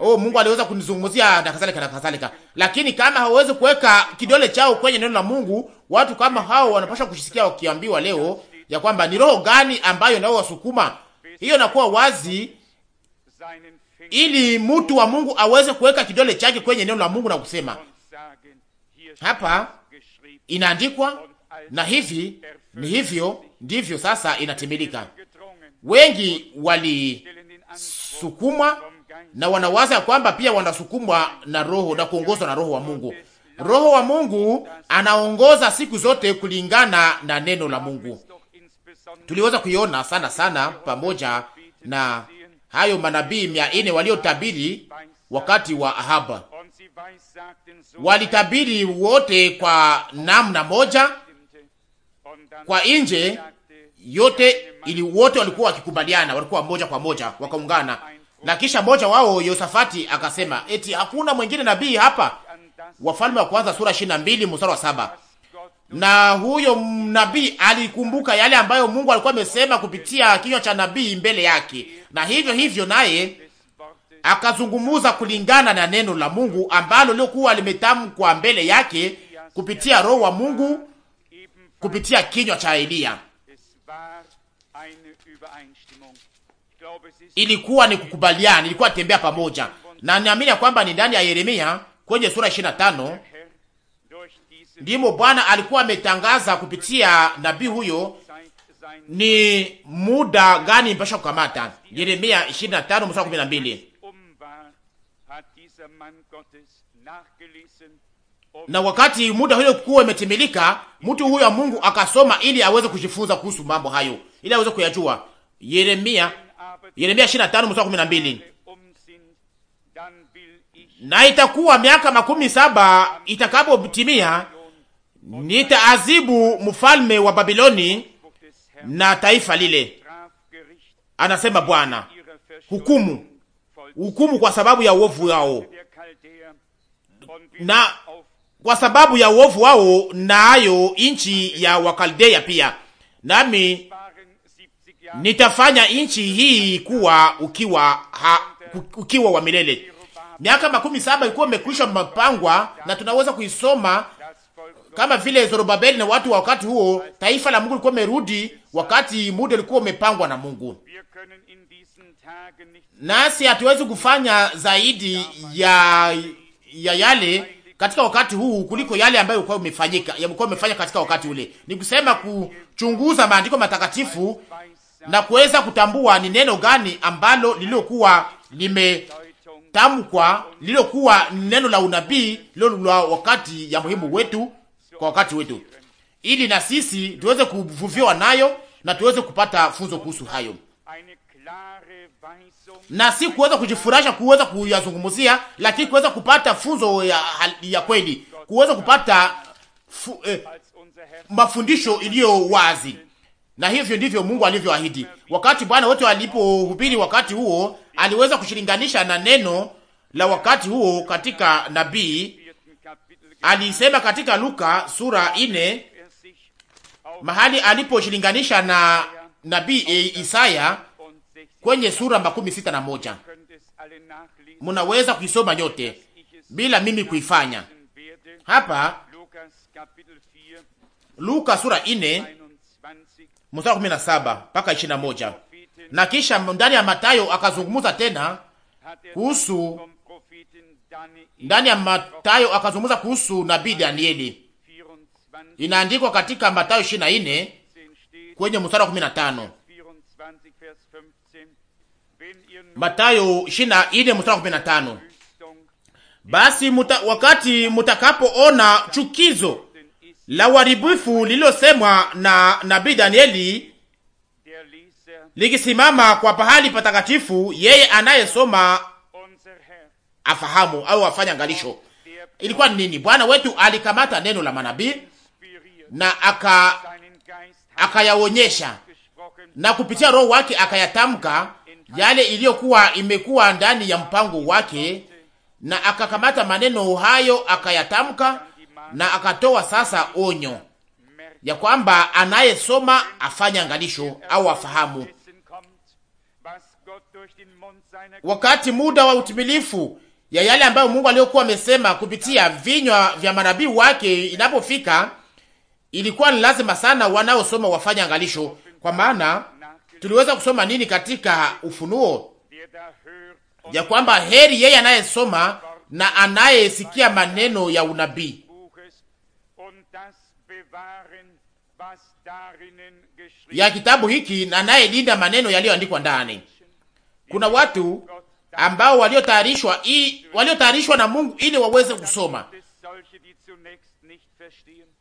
oh, Mungu aliweza kunizungumzia na kadhalika na kadhalika. Lakini kama hawezi kuweka kidole chao kwenye neno la Mungu, watu kama hao wanapaswa kushisikia wakiambiwa leo ya kwamba ni roho gani ambayo nao wasukuma. Hiyo inakuwa wazi ili mtu wa Mungu aweze kuweka kidole chake kwenye neno la Mungu na kusema hapa inaandikwa na hivi ni hivyo ndivyo sasa inatimilika. Wengi walisukumwa na wanawaza kwamba pia wanasukumwa na roho na kuongozwa na roho wa Mungu. Roho wa Mungu anaongoza siku zote kulingana na neno la Mungu. Tuliweza kuiona sana sana pamoja na hayo manabii mia nne waliotabiri wakati wa Ahaba, walitabiri wote kwa namna moja. Kwa nje yote ili wote walikuwa wakikubaliana, walikuwa moja kwa moja, wakaungana na kisha mmoja wao Yosafati akasema eti hakuna mwingine nabii hapa. Wafalme wa kwanza sura 22 mstari wa saba. Na huyo nabii alikumbuka yale ambayo Mungu alikuwa amesema kupitia kinywa cha nabii mbele yake, na hivyo hivyo naye akazungumuza kulingana na neno la Mungu ambalo lilikuwa limetamkwa mbele yake kupitia Roho wa Mungu kupitia kinywa cha Eliya ilikuwa ni kukubaliana, ilikuwa tembea pamoja, na ya kwamba ni ndani ya Yeremia kwenye sura 25 ndimo Bwana alikuwa ametangaza kupitia nabii huyo ni muda gani mpasha kukamata. Yeremia 25 mstari 12 na wakati muda huyo kuwa imetimilika, mtu huyo wa Mungu akasoma ili aweze kujifunza kuhusu mambo hayo, ili aweze kuyajua. Yeremia Yeremia 25 mstari wa 12. Na itakuwa miaka makumi saba itakapotimia, nitaazibu mfalme wa Babiloni na taifa lile, anasema Bwana. Hukumu, hukumu kwa sababu ya uovu wao, na kwa sababu ya uovu wao, nayo nchi ya Wakaldea pia, nami nitafanya nchi hii kuwa ukiwa ha, ukiwa wa milele. Miaka makumi saba ilikuwa imekwisha mapangwa, na tunaweza kuisoma kama vile Zorobabeli na watu wa wakati huo, taifa la Mungu likuwa merudi wakati muda ulikuwa umepangwa na Mungu, nasi hatuwezi kufanya zaidi ya ya yale katika wakati huu kuliko yale ambayo ulikuwa umefanyika yalikuwa umefanya katika wakati ule. Ni kusema kuchunguza maandiko matakatifu na kuweza kutambua ni neno gani ambalo lililokuwa limetamkwa, lililokuwa neno la unabii lililo wakati ya muhimu wetu kwa wakati wetu, ili na sisi tuweze kuvuviwa nayo na tuweze kupata funzo kuhusu hayo, na si kuweza kujifurahisha kuweza kuyazungumzia, lakini kuweza kupata funzo ya, ya kweli, kuweza kupata fu, eh, mafundisho iliyo wazi na hivyo ndivyo Mungu alivyoahidi. Wakati Bwana wote alipohubiri wakati huo, aliweza kushilinganisha na neno la wakati huo katika nabii. Alisema katika Luka sura ine, mahali aliposhilinganisha na nabii e, Isaya kwenye sura makumi sita na moja. Munaweza kuisoma nyote bila mimi kuifanya hapa. Luka sura ine mstari wa 17 mpaka 21. Na kisha ndani ya Matayo akazungumza tena kuhusu ndani ya Matayo akazungumza kuhusu nabii Danieli. Inaandikwa katika Mathayo 24 kwenye mstari wa 15. Mathayo 24 mstari wa 15. Basi muta, wakati mutakapoona chukizo la uharibifu lililosemwa na nabii Danieli likisimama kwa pahali patakatifu, yeye anayesoma afahamu au afanya angalisho. Ilikuwa ni nini? Bwana wetu alikamata neno la manabii na aka akayaonyesha na kupitia roho wake akayatamka yale iliyokuwa imekuwa ndani ya mpango wake, na akakamata maneno hayo akayatamka na akatoa sasa onyo ya kwamba anayesoma afanye angalisho au afahamu, wakati muda wa utimilifu ya yale ambayo Mungu aliyokuwa amesema kupitia vinywa vya manabii wake inapofika, ilikuwa ni lazima sana wanaosoma wafanye angalisho. Kwa maana tuliweza kusoma nini katika Ufunuo ya kwamba heri yeye anayesoma na anayesikia maneno ya unabii ya kitabu hiki na nayelinda maneno yaliyoandikwa ndani. Kuna watu ambao waliotayarishwa waliotayarishwa na Mungu ili waweze kusoma,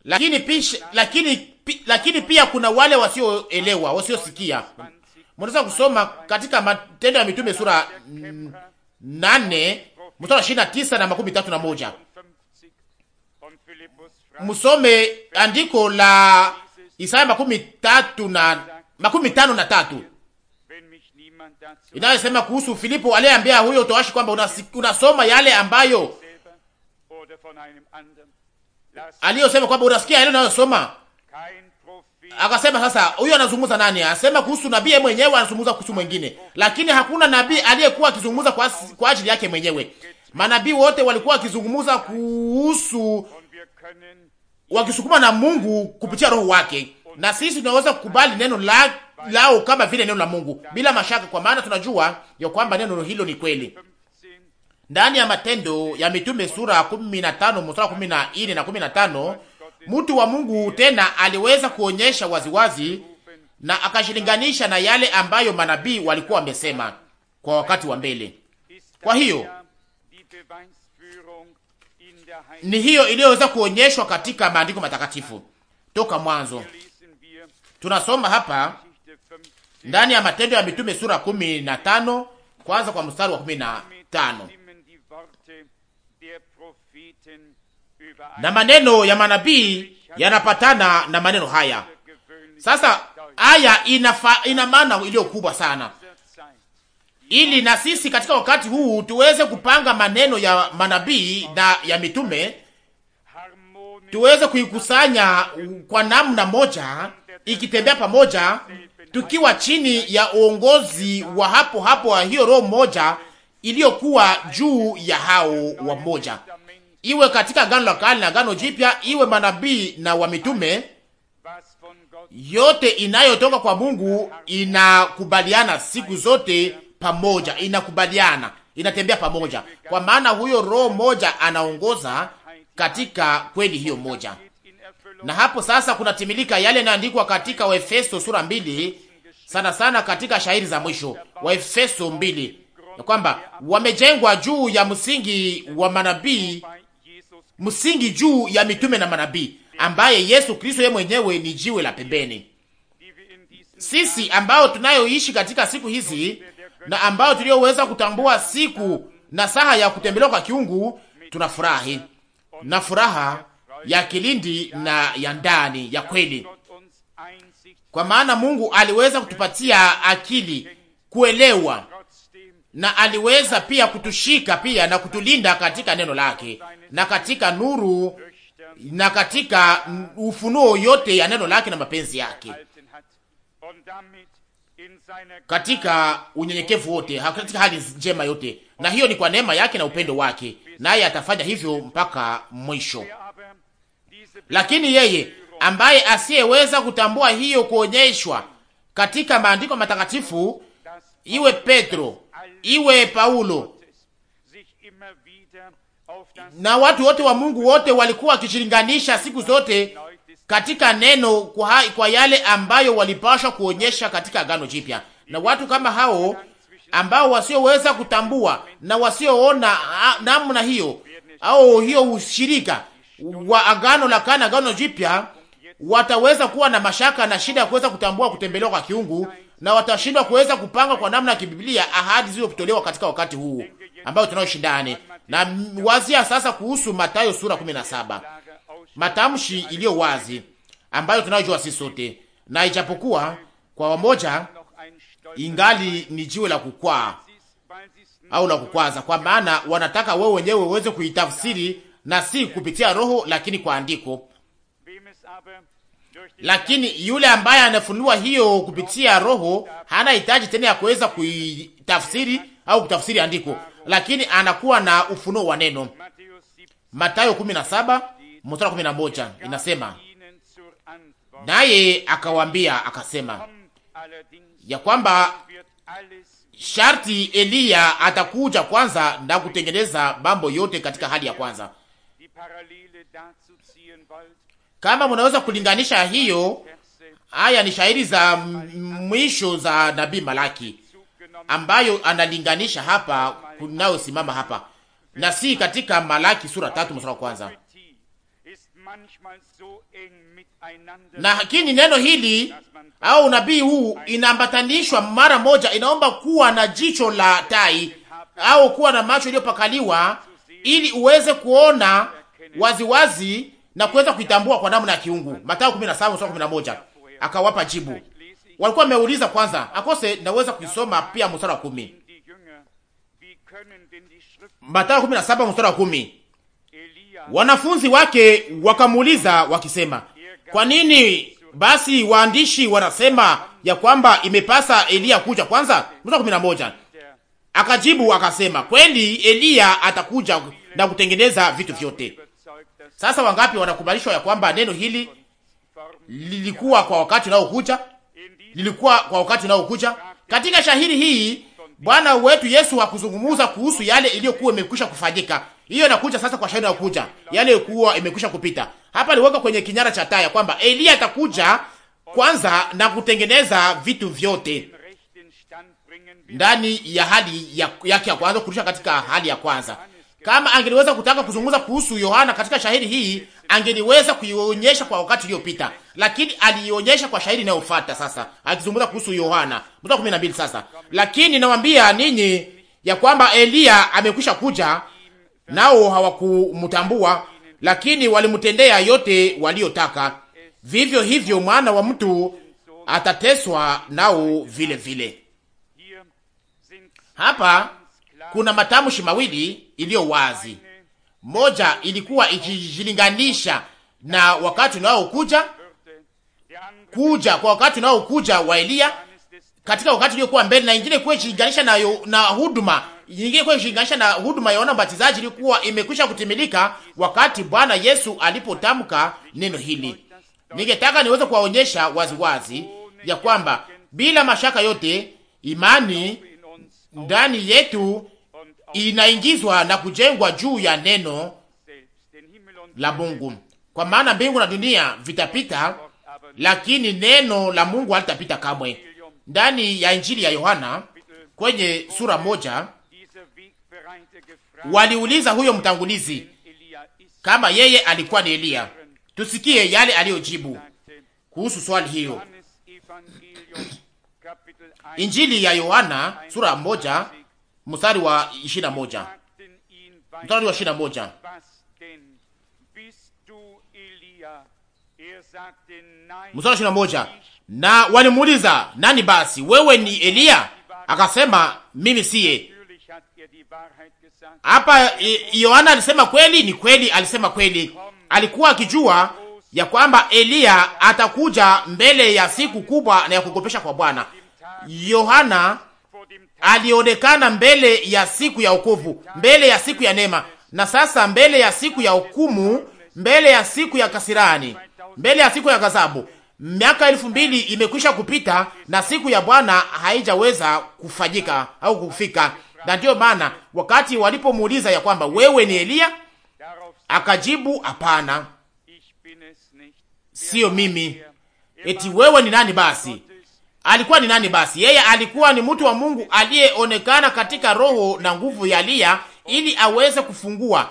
lakini pish, lakini pi, lakini pia kuna wale wasioelewa wasiosikia. Mnaweza kusoma katika Matendo ya Mitume sura 8 mstari wa 29 na tisa na makumi tatu na moja musome andiko la Isaya makumi tatu na makumi tano na tatu inayosema kuhusu Filipo aliyeambia huyo toashi kwamba unasoma yale ambayo aliyosema kwamba unasikia yale unayosoma. Akasema sasa, huyo anazungumza nani? sema kuhusu nabii mwenyewe, anazungumza kuhusu mwingine, lakini hakuna nabii aliyekuwa akizungumza kwa, kwa ajili yake mwenyewe. Manabii wote walikuwa wakizungumza kuhusu wakisukuma na Mungu kupitia roho wake, na sisi tunaweza kukubali neno la, lao kama vile neno la Mungu bila mashaka, kwa maana tunajua ya kwamba neno hilo ni kweli. Ndani ya Matendo ya Mitume sura 15 mstari 14 na 15, mtu wa Mungu tena aliweza kuonyesha waziwazi na akashilinganisha na yale ambayo manabii walikuwa wamesema kwa wakati wa mbele. Kwa hiyo ni hiyo iliyoweza kuonyeshwa katika maandiko matakatifu toka mwanzo. Tunasoma hapa ndani ya Matendo ya Mitume sura kumi na tano kwanza kwa mstari wa kumi na tano na maneno ya manabii yanapatana na maneno haya. Sasa haya ina maana iliyo kubwa sana ili na sisi katika wakati huu tuweze kupanga maneno ya manabii na ya mitume, tuweze kuikusanya kwa namna moja, ikitembea pamoja, tukiwa chini ya uongozi wa hapo hapo wa hiyo roho moja iliyokuwa juu ya hao wa moja, iwe katika gano la kale na gano jipya, iwe manabii na wa mitume yote inayotoka kwa Mungu inakubaliana siku zote pamoja, inakubaliana, inatembea pamoja, kwa maana huyo roho moja anaongoza katika kweli hiyo moja. Na hapo sasa kunatimilika yale yanayoandikwa katika Waefeso sura mbili, sana sana katika shairi za mwisho Waefeso mbili, ya kwamba wamejengwa juu ya msingi wa manabii, msingi juu ya mitume na manabii, ambaye Yesu Kristo yeye mwenyewe ni jiwe la pembeni. Sisi ambao tunayoishi katika siku hizi na ambayo tuliyoweza kutambua siku na saha ya kutembelewa kwa kiungu, tunafurahi na furaha ya kilindi na ya ndani ya kweli, kwa maana Mungu aliweza kutupatia akili kuelewa, na aliweza pia kutushika pia na kutulinda katika neno lake na katika nuru na katika ufunuo yote ya neno lake na mapenzi yake katika unyenyekevu wote, katika hali njema yote, na hiyo ni kwa neema yake na upendo wake, naye atafanya hivyo mpaka mwisho. Lakini yeye ambaye asiyeweza kutambua hiyo kuonyeshwa katika maandiko matakatifu, iwe Petro, iwe Paulo na watu wote wa Mungu wote walikuwa wakijilinganisha siku zote katika neno kwa, kwa yale ambayo walipashwa kuonyesha katika Agano Jipya. Na watu kama hao ambao wasioweza kutambua na wasioona namna hiyo au hiyo ushirika wa Agano la kana Agano Jipya, wataweza kuwa na mashaka na shida ya kuweza kutambua kutembelewa kwa kiungu, na watashindwa kuweza kupanga kwa namna ya kibiblia ahadi zilizotolewa katika wakati huu ambao tunaoshindani na wazia sasa kuhusu Mathayo sura 17 matamshi iliyo wazi ambayo tunayojua sisi sote, na ijapokuwa kwa wamoja ingali ni jiwe la kukwaa au la kukwaza, kwa maana wanataka wewe wenyewe uweze kuitafsiri na si kupitia Roho, lakini kwa andiko. Lakini yule ambaye anafunua hiyo kupitia Roho hana hitaji tena ya kuweza kuitafsiri au kutafsiri andiko, lakini anakuwa na ufunuo wa neno. Mathayo mstari kumi na moja inasema, naye akawambia akasema ya kwamba sharti Eliya atakuja kwanza na kutengeneza mambo yote katika hali ya kwanza. Kama munaweza kulinganisha hiyo, haya ni shairi za mwisho za nabii Malaki ambayo analinganisha hapa kunayosimama hapa na si katika Malaki sura tatu mstari wa kwanza. Lakini neno hili au unabii huu inaambatanishwa mara moja, inaomba kuwa na jicho la tai au kuwa na macho iliyopakaliwa ili uweze kuona waziwazi wazi, na kuweza kuitambua kwa namna ya kiungu. Mathayo 17:11 akawapa jibu. Walikuwa wameuliza kwanza, akose naweza kuisoma pia mstari wa 10. Mathayo 17 mstari wa Wanafunzi wake wakamuuliza wakisema, kwa nini basi waandishi wanasema ya kwamba imepasa Eliya kuja kwanza? Mstari kumi na moja akajibu akasema, kweli Eliya atakuja na kutengeneza vitu vyote. Sasa wangapi wanakubalishwa ya kwamba neno hili lilikuwa kwa wakati unaokuja, lilikuwa kwa wakati unaokuja. Katika shahiri hii Bwana wetu Yesu hakuzungumuza kuhusu yale iliyokuwa imekwisha kufanyika, hiyo inakuja sasa kwa shauri ya kuja yale kuwa imekwisha kupita. Hapa aliweka kwenye kinyara cha taya kwamba Elia atakuja kwanza na kutengeneza vitu vyote ndani ya hali yake ya, kwanza kurusha katika hali ya kwanza. Kama angeliweza kutaka kuzungumza kuhusu Yohana katika shahidi hii, angeliweza kuionyesha kwa wakati uliopita, lakini aliionyesha kwa shahidi inayofuata sasa, akizungumza kuhusu Yohana mstari 12. Sasa lakini nawaambia ninyi ya kwamba Elia amekwisha kuja nao hawakumtambua, lakini walimtendea yote waliotaka Vivyo hivyo mwana wa mtu atateswa nao vile vile. Hapa kuna matamshi mawili iliyo wazi. Moja ilikuwa ikijilinganisha na wakati unaokuja kuja kwa wakati unaokuja wa Eliya katika wakati uliokuwa mbele, na ingine kuwa ikilinganisha na, na huduma kwa ikilinganisha na huduma ya wana mbatizaji ilikuwa imekwisha kutimilika wakati Bwana Yesu alipotamka neno hili. Ningetaka niweze kuwaonyesha waziwazi ya kwamba bila mashaka yote imani ndani yetu inaingizwa na kujengwa juu ya neno la Mungu, kwa maana mbingu na dunia vitapita, lakini neno la Mungu halitapita kamwe. Ndani ya Injili ya Yohana kwenye sura moja Waliuliza huyo mtangulizi kama yeye alikuwa ni Eliya. Tusikie yale aliyojibu kuhusu swali hiyo. Injili ya Yohana sura moja mstari wa ishirini na moja mstari wa ishirini na moja mstari wa ishirini na moja Na walimuuliza nani basi, wewe ni Eliya? Akasema mimi siye. Hapa Yohana alisema kweli, ni kweli, alisema kweli. Alikuwa akijua ya kwamba Eliya atakuja mbele ya siku kubwa na ya kuogopesha kwa Bwana. Yohana alionekana mbele ya siku ya wokovu, mbele ya siku ya neema, na sasa mbele ya siku ya hukumu, mbele ya siku ya kasirani, mbele ya siku ya ghadhabu. Miaka elfu mbili imekwisha kupita na siku ya Bwana haijaweza kufanyika au kufika. Na ndiyo maana wakati walipomuuliza ya kwamba wewe ni Eliya, akajibu hapana, siyo mimi. Eti wewe ni nani basi? Alikuwa ni nani basi? Yeye alikuwa ni mtu wa Mungu aliyeonekana katika roho na nguvu ya Eliya, ili aweze kufungua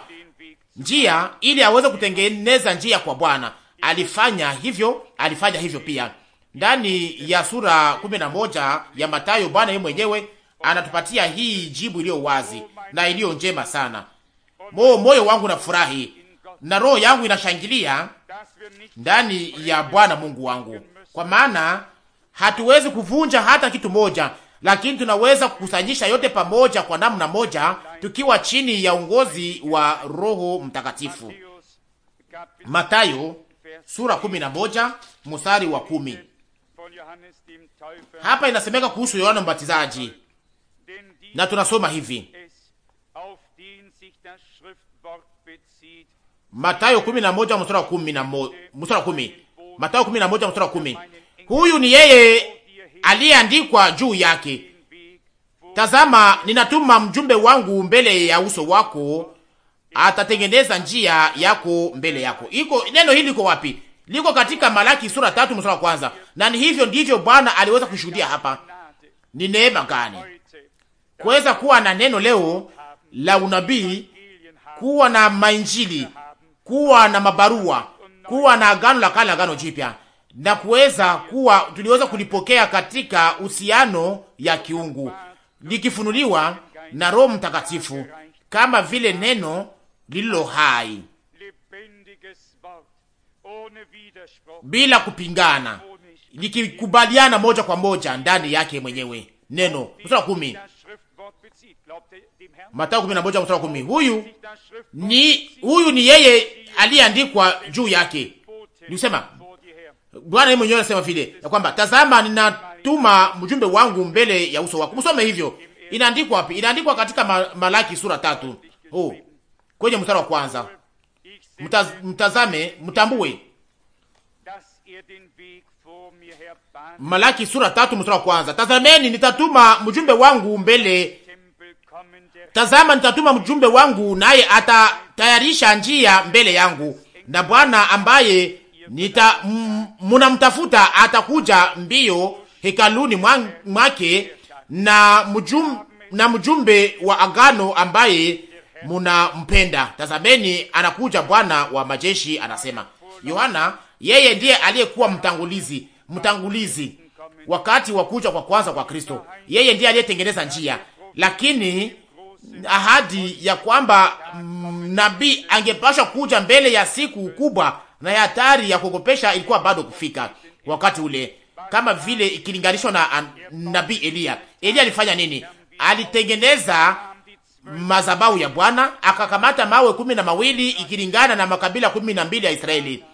njia, ili aweze kutengeneza njia kwa Bwana. Alifanya hivyo, alifanya hivyo pia ndani ya sura 11 ya Mathayo. Bwana yeye mwenyewe anatupatia hii jibu iliyo wazi na iliyo njema sana. Mo, moyo wangu na furahi na roho yangu inashangilia ndani ya Bwana Mungu wangu, kwa maana hatuwezi kuvunja hata kitu moja, lakini tunaweza kukusanyisha yote pamoja kwa namna moja, tukiwa chini ya uongozi wa Roho Mtakatifu. Matayo sura 11 mstari wa kumi. Hapa inasemeka kuhusu Yohana Mbatizaji na tunasoma hivi Matayo kumi na moja mstari wa kumi na mo, mstari wa kumi. Matayo kumi na moja mstari wa kumi. Huyu ni yeye aliyeandikwa juu yake, tazama, ninatuma mjumbe wangu mbele ya uso wako, atatengeneza njia yako mbele yako. Iko neno hili liko wapi? Liko katika Malaki sura tatu mstari wa kwanza, na ni hivyo ndivyo Bwana aliweza kushuhudia hapa. Ni neema gani kuweza kuwa na neno leo la unabii, kuwa na mainjili, kuwa na mabarua, kuwa na agano la kale, agano jipya, na kuweza kuwa tuliweza kulipokea katika uhusiano ya kiungu likifunuliwa na Roho Mtakatifu kama vile neno lililo hai bila kupingana likikubaliana moja kwa moja ndani yake mwenyewe. Neno sura kumi Mathayo 11 mstari wa 10. Huyu ni huyu ni yeye aliyeandikwa juu yake. Nilisema Bwana yeye mwenyewe anasema vile ya kwamba tazama, ninatuma mjumbe wangu mbele ya uso wako. Msome hivyo. Inaandikwa wapi? Inaandikwa katika Malaki sura tatu. Oh. Kwenye mstari wa kwanza. Mtaz, mtazame, mtambue. Malaki sura tatu mstari wa kwanza. Tazameni, nitatuma mjumbe wangu mbele Tazama, nitatuma mjumbe wangu, naye atatayarisha njia mbele yangu, na Bwana ambaye nita munamtafuta atakuja mbio hekaluni mwake, na mjumbe, na mjumbe wa agano ambaye munampenda. Tazameni, anakuja Bwana wa majeshi anasema. Yohana yeye ndiye aliyekuwa mtangulizi, mtangulizi wakati wa kuja kwa kwanza kwa Kristo. Yeye ndiye aliyetengeneza njia, lakini ahadi ya kwamba nabii angepashwa kuja mbele ya siku kubwa na ya hatari ya kuogopesha ilikuwa bado kufika wakati ule, kama vile ikilinganishwa na nabii Eliya. Eliya alifanya nini? Alitengeneza mazabau ya Bwana, akakamata mawe kumi na mawili ikilingana na makabila kumi na mbili ya Israeli,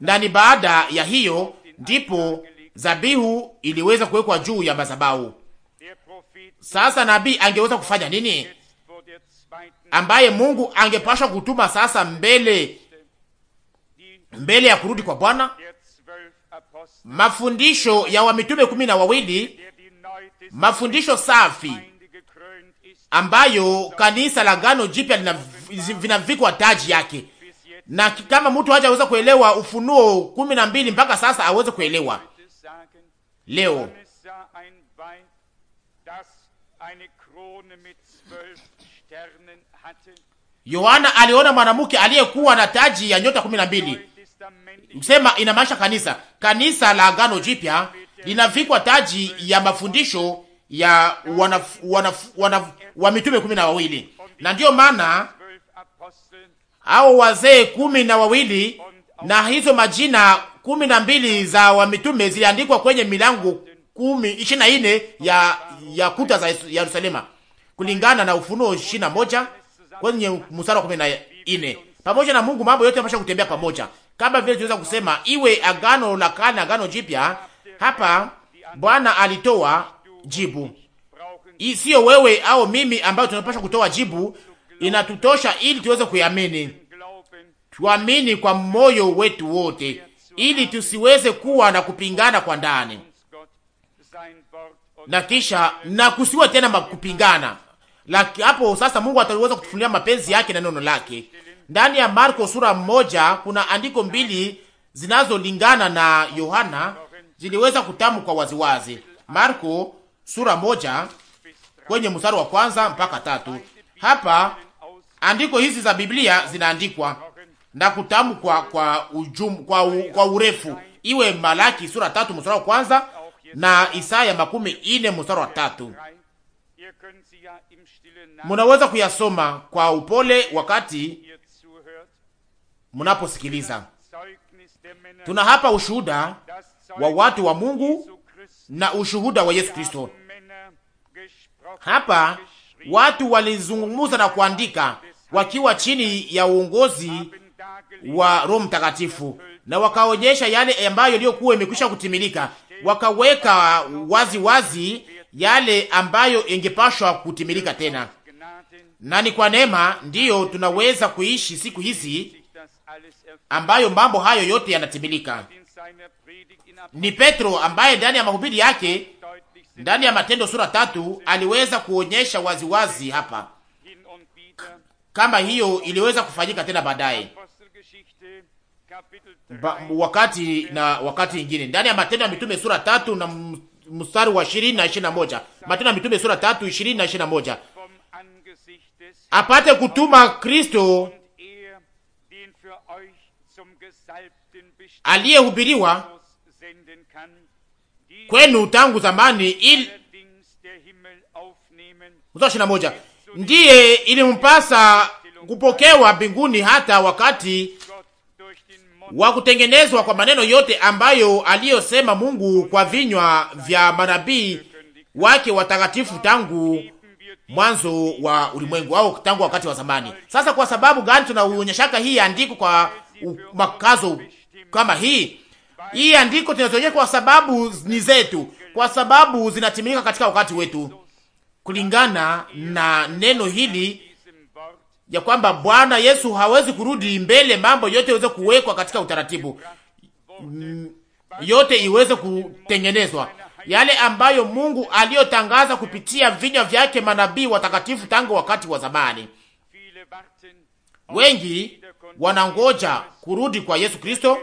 na ni baada ya hiyo ndipo zabihu iliweza kuwekwa juu ya mazabau. Sasa nabii angeweza kufanya nini ambaye Mungu angepashwa kutuma sasa mbele mbele ya kurudi kwa Bwana? Mafundisho ya wamitume kumi na wawili, mafundisho safi ambayo kanisa la gano Jipya vinavikwa taji yake, na kama mtu hajaweza kuelewa Ufunuo kumi na mbili mpaka sasa aweze kuelewa leo Yohana aliona mwanamke aliyekuwa na taji ya nyota kumi na mbili. Kusema inamaanisha kanisa, kanisa la Agano Jipya linavikwa taji ya mafundisho ya wanaf, wanaf, wanaf, wa mitume kumi na wawili, na ndiyo maana hao wazee kumi na wawili na hizo majina kumi na mbili za wamitume ziliandikwa kwenye milango kumi ishirini na nne ya ya kuta za Yerusalema kulingana na Ufunuo ishirini na moja kwenye mstari wa kumi na nne. Pamoja na Mungu mambo yote yamesha kutembea pamoja, kama vile tunaweza kusema iwe agano la kale, agano jipya. Hapa Bwana alitoa jibu, sio wewe au mimi ambayo tunapaswa kutoa jibu. Inatutosha ili tuweze kuamini, tuamini kwa moyo wetu wote, ili tusiweze kuwa na kupingana kwa ndani na kisha na kusiwa tena makupingana. Lakini hapo sasa Mungu ataweza kutufunulia mapenzi yake na neno lake. Ndani ya Marko sura moja kuna andiko mbili zinazolingana na Yohana ziliweza kutamkwa waziwazi. Marko sura moja kwenye mstari wa kwanza mpaka tatu. Hapa andiko hizi za Biblia zinaandikwa na kutamkwa kwa ujum, kwa, u, kwa urefu iwe Malaki sura tatu mstari wa kwanza na Isaya makumi ine mstari wa tatu. Munaweza kuyasoma kwa upole wakati munaposikiliza. Tuna hapa ushuhuda wa watu wa Mungu na ushuhuda wa Yesu Kristo. Hapa watu walizungumza na kuandika wakiwa chini ya uongozi wa Roho Mtakatifu na wakaonyesha yale ambayo yaliyokuwa imekwisha kutimilika wakaweka wazi wazi yale ambayo ingepashwa kutimilika tena, na ni kwa neema ndiyo tunaweza kuishi siku hizi ambayo mambo hayo yote yanatimilika. Ni Petro ambaye ndani ya mahubiri yake ndani ya Matendo sura tatu aliweza kuonyesha waziwazi wazi hapa kama hiyo iliweza kufanyika tena baadaye ba, wakati na wakati ingine ndani ya Matendo ya Mitume sura tatu na mstari wa ishirini na ishirini na moja Matendo ya Mitume sura tatu ishirini na ishirini na moja apate kutuma Kristo er, aliyehubiriwa kwenu tangu zamani ili ishirini na moja ndiye ilimpasa kupokewa mbinguni hata wakati wa kutengenezwa kwa maneno yote ambayo aliyosema Mungu kwa vinywa vya manabii wake watakatifu tangu mwanzo wa ulimwengu au tangu wakati wa zamani. Sasa kwa sababu gani tunaonyeshaka hii andiko kwa makazo kama hii? Hii andiko tunazoonyesha kwa sababu ni zetu, kwa sababu zinatimilika katika wakati wetu kulingana na neno hili ya kwamba Bwana Yesu hawezi kurudi mbele, mambo yote iweze kuwekwa katika utaratibu, mm, yote iweze kutengenezwa, yale ambayo Mungu aliyotangaza kupitia vinywa vyake manabii watakatifu tangu wakati wa zamani. Wengi wanangoja kurudi kwa Yesu Kristo,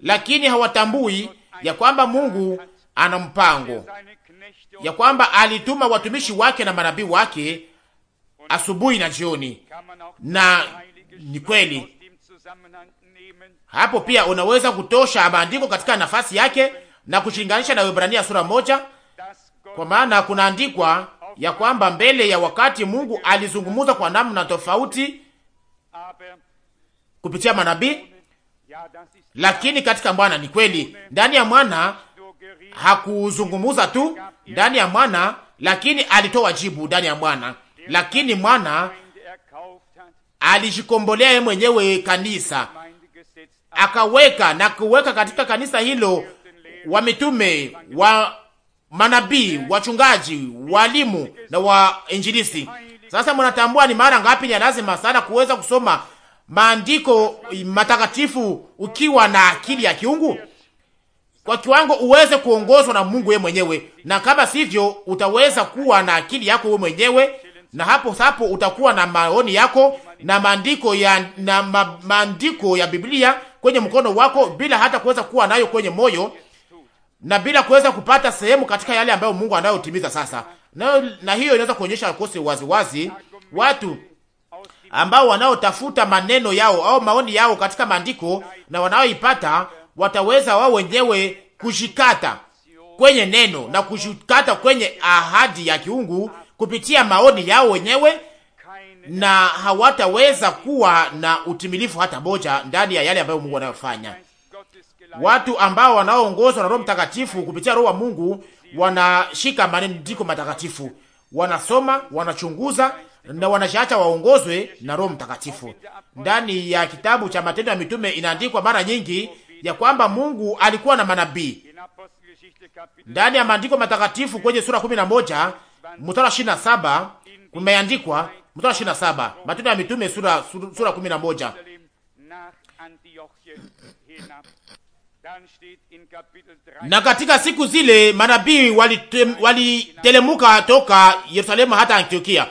lakini hawatambui ya kwamba Mungu ana mpango, ya kwamba alituma watumishi wake na manabii wake asubuhi na jioni, na ni kweli hapo pia unaweza kutosha maandiko katika nafasi yake na kushilinganisha na Waebrania sura moja, kwa maana kunaandikwa ya kwamba mbele ya wakati Mungu alizungumza kwa namna tofauti kupitia manabii, lakini katika mwana ni kweli, ndani ya mwana hakuzungumuza tu ndani ya mwana, lakini alitoa jibu ndani ya mwana lakini mwana alijikombolea yeye mwenyewe kanisa, akaweka na kuweka katika kanisa hilo wa mitume wa manabii, wachungaji, walimu na wainjilisi. Sasa mnatambua ni mara ngapi ni lazima sana kuweza kusoma maandiko matakatifu ukiwa na akili ya kiungu kwa kiwango uweze kuongozwa na Mungu yeye mwenyewe, na kama sivyo utaweza kuwa na akili yako wewe mwenyewe na hapo hapo utakuwa na maoni yako na maandiko ya na ma, maandiko ya Biblia kwenye mkono wako bila hata kuweza kuwa nayo kwenye moyo na bila kuweza kupata sehemu katika yale ambayo Mungu anayotimiza sasa. Na, na hiyo inaweza kuonyesha kosi waziwazi watu ambao wanaotafuta maneno yao au maoni yao katika maandiko na wanaoipata wataweza wao wenyewe kushikata kwenye neno na kushikata kwenye ahadi ya kiungu kupitia maoni yao wenyewe, na hawataweza kuwa na utimilifu hata moja ndani ya yale ambayo Mungu anayofanya. Watu ambao wanaoongozwa na Roho Mtakatifu kupitia Roho wa Mungu wanashika maandiko matakatifu, wanasoma, wanachunguza na wanashaacha waongozwe na Roho Mtakatifu. Ndani ya kitabu cha Matendo ya Mitume inaandikwa mara nyingi ya kwamba Mungu alikuwa na manabii ndani ya maandiko matakatifu kwenye sura 11 mstari wa saba kumeandikwa, mstari wa saba Matendo ya Mitume sura sura 11 na katika siku zile manabii walitelemuka wali toka Yerusalemu hata Antiokia.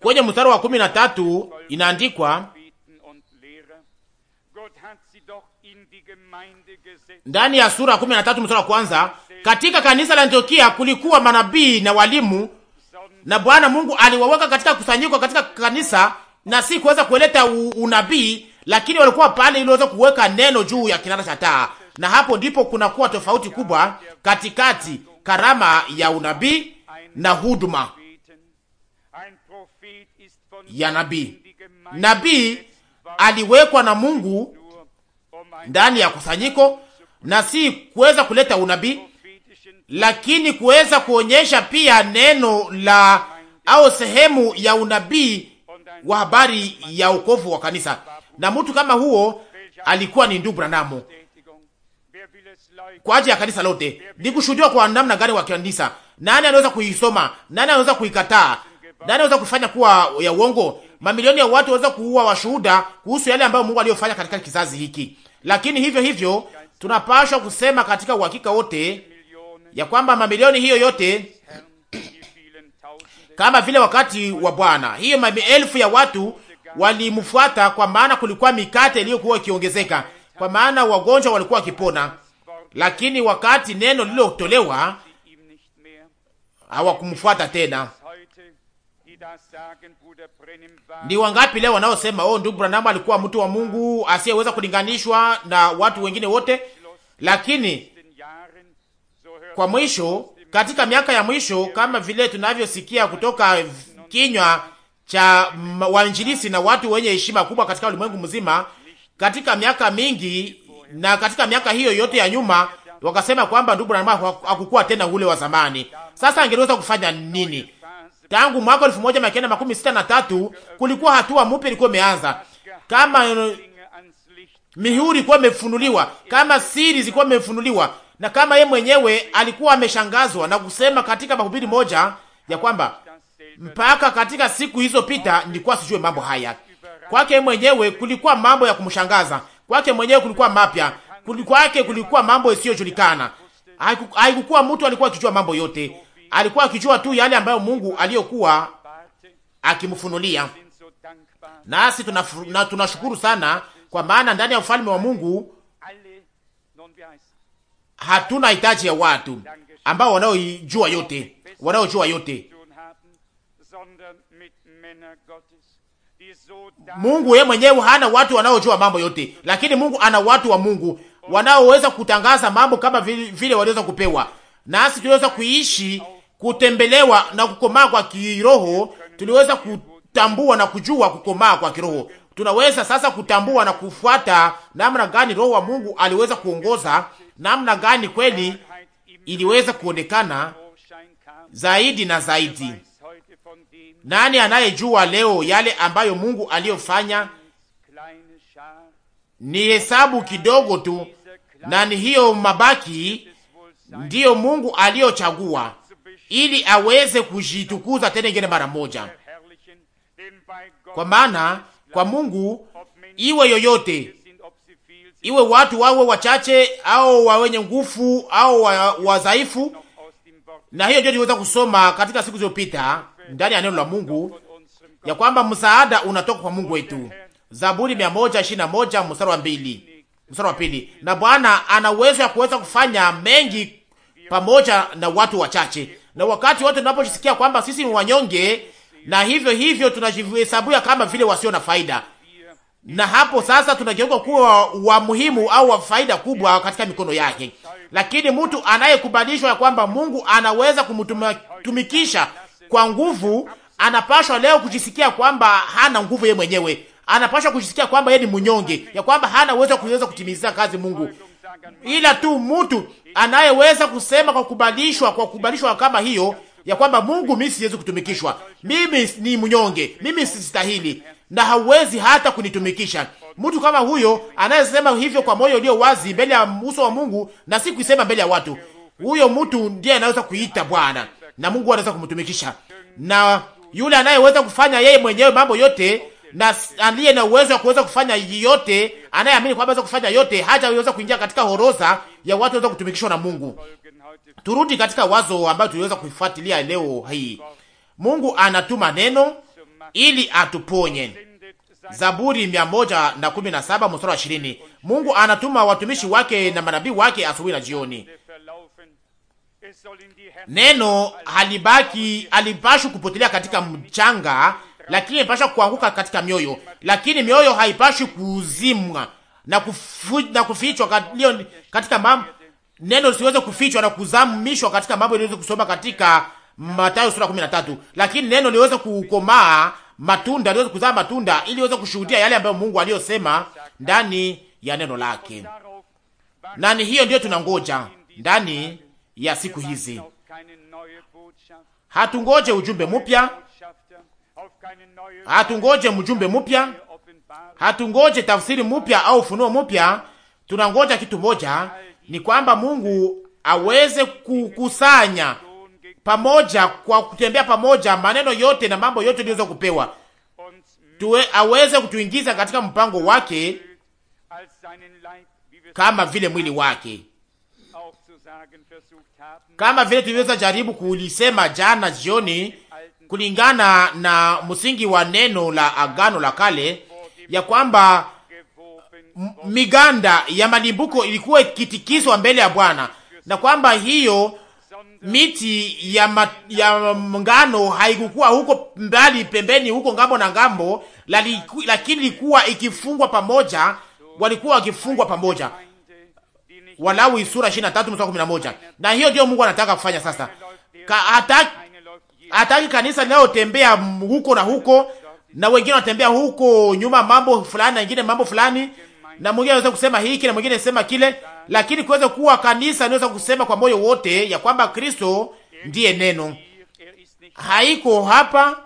Kwenye mstari wa kumi na tatu inaandikwa ndani ya sura kumi na tatu mstari wa kwanza, katika kanisa la Antiokia kulikuwa manabii na walimu, na Bwana Mungu aliwaweka katika kusanyiko katika kanisa, na si kuweza kuleta unabii, lakini walikuwa pale ili waweze kuweka neno juu ya kinara cha taa, na hapo ndipo kunakuwa tofauti kubwa katikati karama ya unabii na huduma ya nabii. Nabii aliwekwa na Mungu ndani ya kusanyiko na si kuweza kuleta unabii, lakini kuweza kuonyesha pia neno la au sehemu ya unabii wa habari ya ukovu wa kanisa. Na mtu kama huo alikuwa ni ndugu Branamu kwa ajili ya kanisa lote. Ni kushuhudiwa kwa namna gani wa kanisa? Nani anaweza kuisoma? Nani anaweza kuikataa? Nani anaweza kufanya kuwa ya uongo? Mamilioni ya watu waweza kuua washuhuda kuhusu yale ambayo Mungu aliyofanya katika kizazi hiki, lakini hivyo hivyo tunapashwa kusema katika uhakika wote ya kwamba mamilioni hiyo yote kama vile wakati wa Bwana, hiyo maelfu ya watu walimfuata, kwa maana kulikuwa mikate iliyokuwa ikiongezeka, kwa maana wagonjwa walikuwa wakipona. Lakini wakati neno lililotolewa hawakumfuata tena. Ni wangapi leo wanaosema oh, ndugu Branham alikuwa mtu wa Mungu asiyeweza kulinganishwa na watu wengine wote, lakini kwa mwisho, katika miaka ya mwisho, kama vile tunavyosikia kutoka kinywa cha wainjilisi na watu wenye heshima kubwa katika ulimwengu mzima, katika miaka mingi na katika miaka hiyo yote ya nyuma, wakasema kwamba ndugu Branham hakukuwa tena ule wa zamani. Sasa angeweza kufanya nini? Tangu mwaka elfu moja mia kenda makumi sita na tatu kulikuwa hatua mpya ilikuwa imeanza, kama mihuri ilikuwa imefunuliwa, kama siri zilikuwa imefunuliwa na kama yeye mwenyewe alikuwa ameshangazwa na kusema katika mahubiri moja ya kwamba mpaka katika siku hizo pita nilikuwa sijue mambo haya. Kwake mwenyewe kulikuwa mambo ya kumshangaza, kwake mwenyewe kulikuwa mapya, kwake kulikuwa mambo isiyojulikana. Haikukuwa mtu alikuwa akijua mambo yote, alikuwa akijua tu yale ambayo Mungu aliyokuwa akimfunulia. Nasi tunashukuru tuna sana, kwa maana ndani ya ufalme wa Mungu hatuna hitaji ya watu ambao wanaojua yote, wanaojua yote. Mungu yeye mwenyewe hana watu wanaojua mambo yote, lakini Mungu ana watu wa Mungu wanaoweza kutangaza mambo kama vile waliweza kupewa. Nasi tuliweza kuishi kutembelewa na kukomaa kwa kiroho, tuliweza kutambua na kujua kukomaa kwa kiroho tunaweza sasa kutambua na kufuata namna gani Roho wa Mungu aliweza kuongoza, namna gani kweli iliweza kuonekana zaidi na zaidi. Nani anayejua leo yale ambayo Mungu aliyofanya ni hesabu kidogo tu, na ni hiyo mabaki ndiyo Mungu aliyochagua ili aweze kujitukuza tena ingine mara moja, kwa maana kwa Mungu, iwe yoyote, iwe watu wawe wachache au wa wenye nguvu au wadhaifu. Na hiyo ndio tuliweza kusoma katika siku zilizopita ndani ya neno la Mungu ya kwamba msaada unatoka kwa Mungu wetu. Zaburi 121 mstari wa 2. Mstari wa pili. Na Bwana ana uwezo ya kuweza kufanya mengi pamoja na watu wachache. Na wakati wote tunaposikia kwamba sisi ni wanyonge, na hivyo hivyo tunajihesabuya kama vile wasio na faida, na hapo sasa tunageuka kuwa wa muhimu au wa faida kubwa katika mikono yake. Lakini mtu anayekubalishwa ya kwamba Mungu anaweza kumtumikisha kwa nguvu, anapashwa leo kujisikia kwamba hana nguvu yeye mwenyewe, anapashwa kujisikia kwamba yeye ni mnyonge, ya kwamba hana uwezo kuweza kutimiza kazi Mungu, ila tu mtu anayeweza kusema kwa kubadilishwa kwa kubadilishwa kama hiyo ya kwamba Mungu, mimi siwezi kutumikishwa, mimi ni mnyonge, mimi sistahili na hauwezi hata kunitumikisha. Mtu kama huyo anayesema hivyo kwa moyo ulio wazi mbele ya uso wa Mungu na si kuisema mbele ya watu, huyo mtu ndiye anaweza kuita Bwana na Mungu anaweza kumtumikisha, na yule anayeweza kufanya yeye mwenyewe mambo yote na aliye na uwezo wa kuweza kufanya yote, anayeamini kwamba anaweza kufanya yote, hata yaweza kuingia katika horoza ya watu waweza kutumikishwa na Mungu. Turudi katika wazo ambayo tuliweza kuifuatilia leo hii. Mungu anatuma neno ili atuponye. Zaburi mia moja na kumi na saba mstari wa ishirini. Mungu anatuma watumishi wake na manabii wake asubuhi na jioni. Neno halibaki halipashwi kupotelea katika mchanga, lakini inapasha kuanguka katika mioyo, lakini mioyo haipashwi kuzimwa na, kufu, na kufichwa katika mam, neno siweze kufichwa na kuzamishwa katika mambo iliweze kusoma katika Mathayo sura 13, lakini neno liweze kukomaa matunda, liweze kuzaa matunda ili liweze kushuhudia yale ambayo Mungu aliyosema ndani ya neno lake. Nani hiyo ndiyo tunangoja ndani ya siku hizi. Hatungoje ujumbe mpya, hatungoje mjumbe mpya, hatungoje tafsiri mpya au ufunuo mpya. Tunangoja kitu moja ni kwamba Mungu aweze kukusanya pamoja kwa kutembea pamoja maneno yote na mambo yote yaliweza kupewa tuwe, aweze kutuingiza katika mpango wake kama vile mwili wake, kama vile tuliweza jaribu kulisema jana jioni, kulingana na msingi wa neno la Agano la Kale ya kwamba miganda ya malimbuko ilikuwa ikitikiswa mbele ya Bwana na kwamba hiyo miti ya, ma, ya ngano haikukuwa huko mbali pembeni huko ngambo na ngambo, lakini ilikuwa ikifungwa pamoja, walikuwa wakifungwa pamoja. Walawi sura 23 mstari 11. Na hiyo ndio Mungu anataka kufanya sasa. Ka, hataki, hataki kanisa tembea huko na huko na wengine wanatembea huko nyuma mambo fulani na wengine mambo fulani na mwingine anaweza kusema hiki na mwingine anasema kile, lakini kuweza kuwa kanisa inaweza kusema kwa moyo wote ya kwamba Kristo ndiye neno. Haiko hapa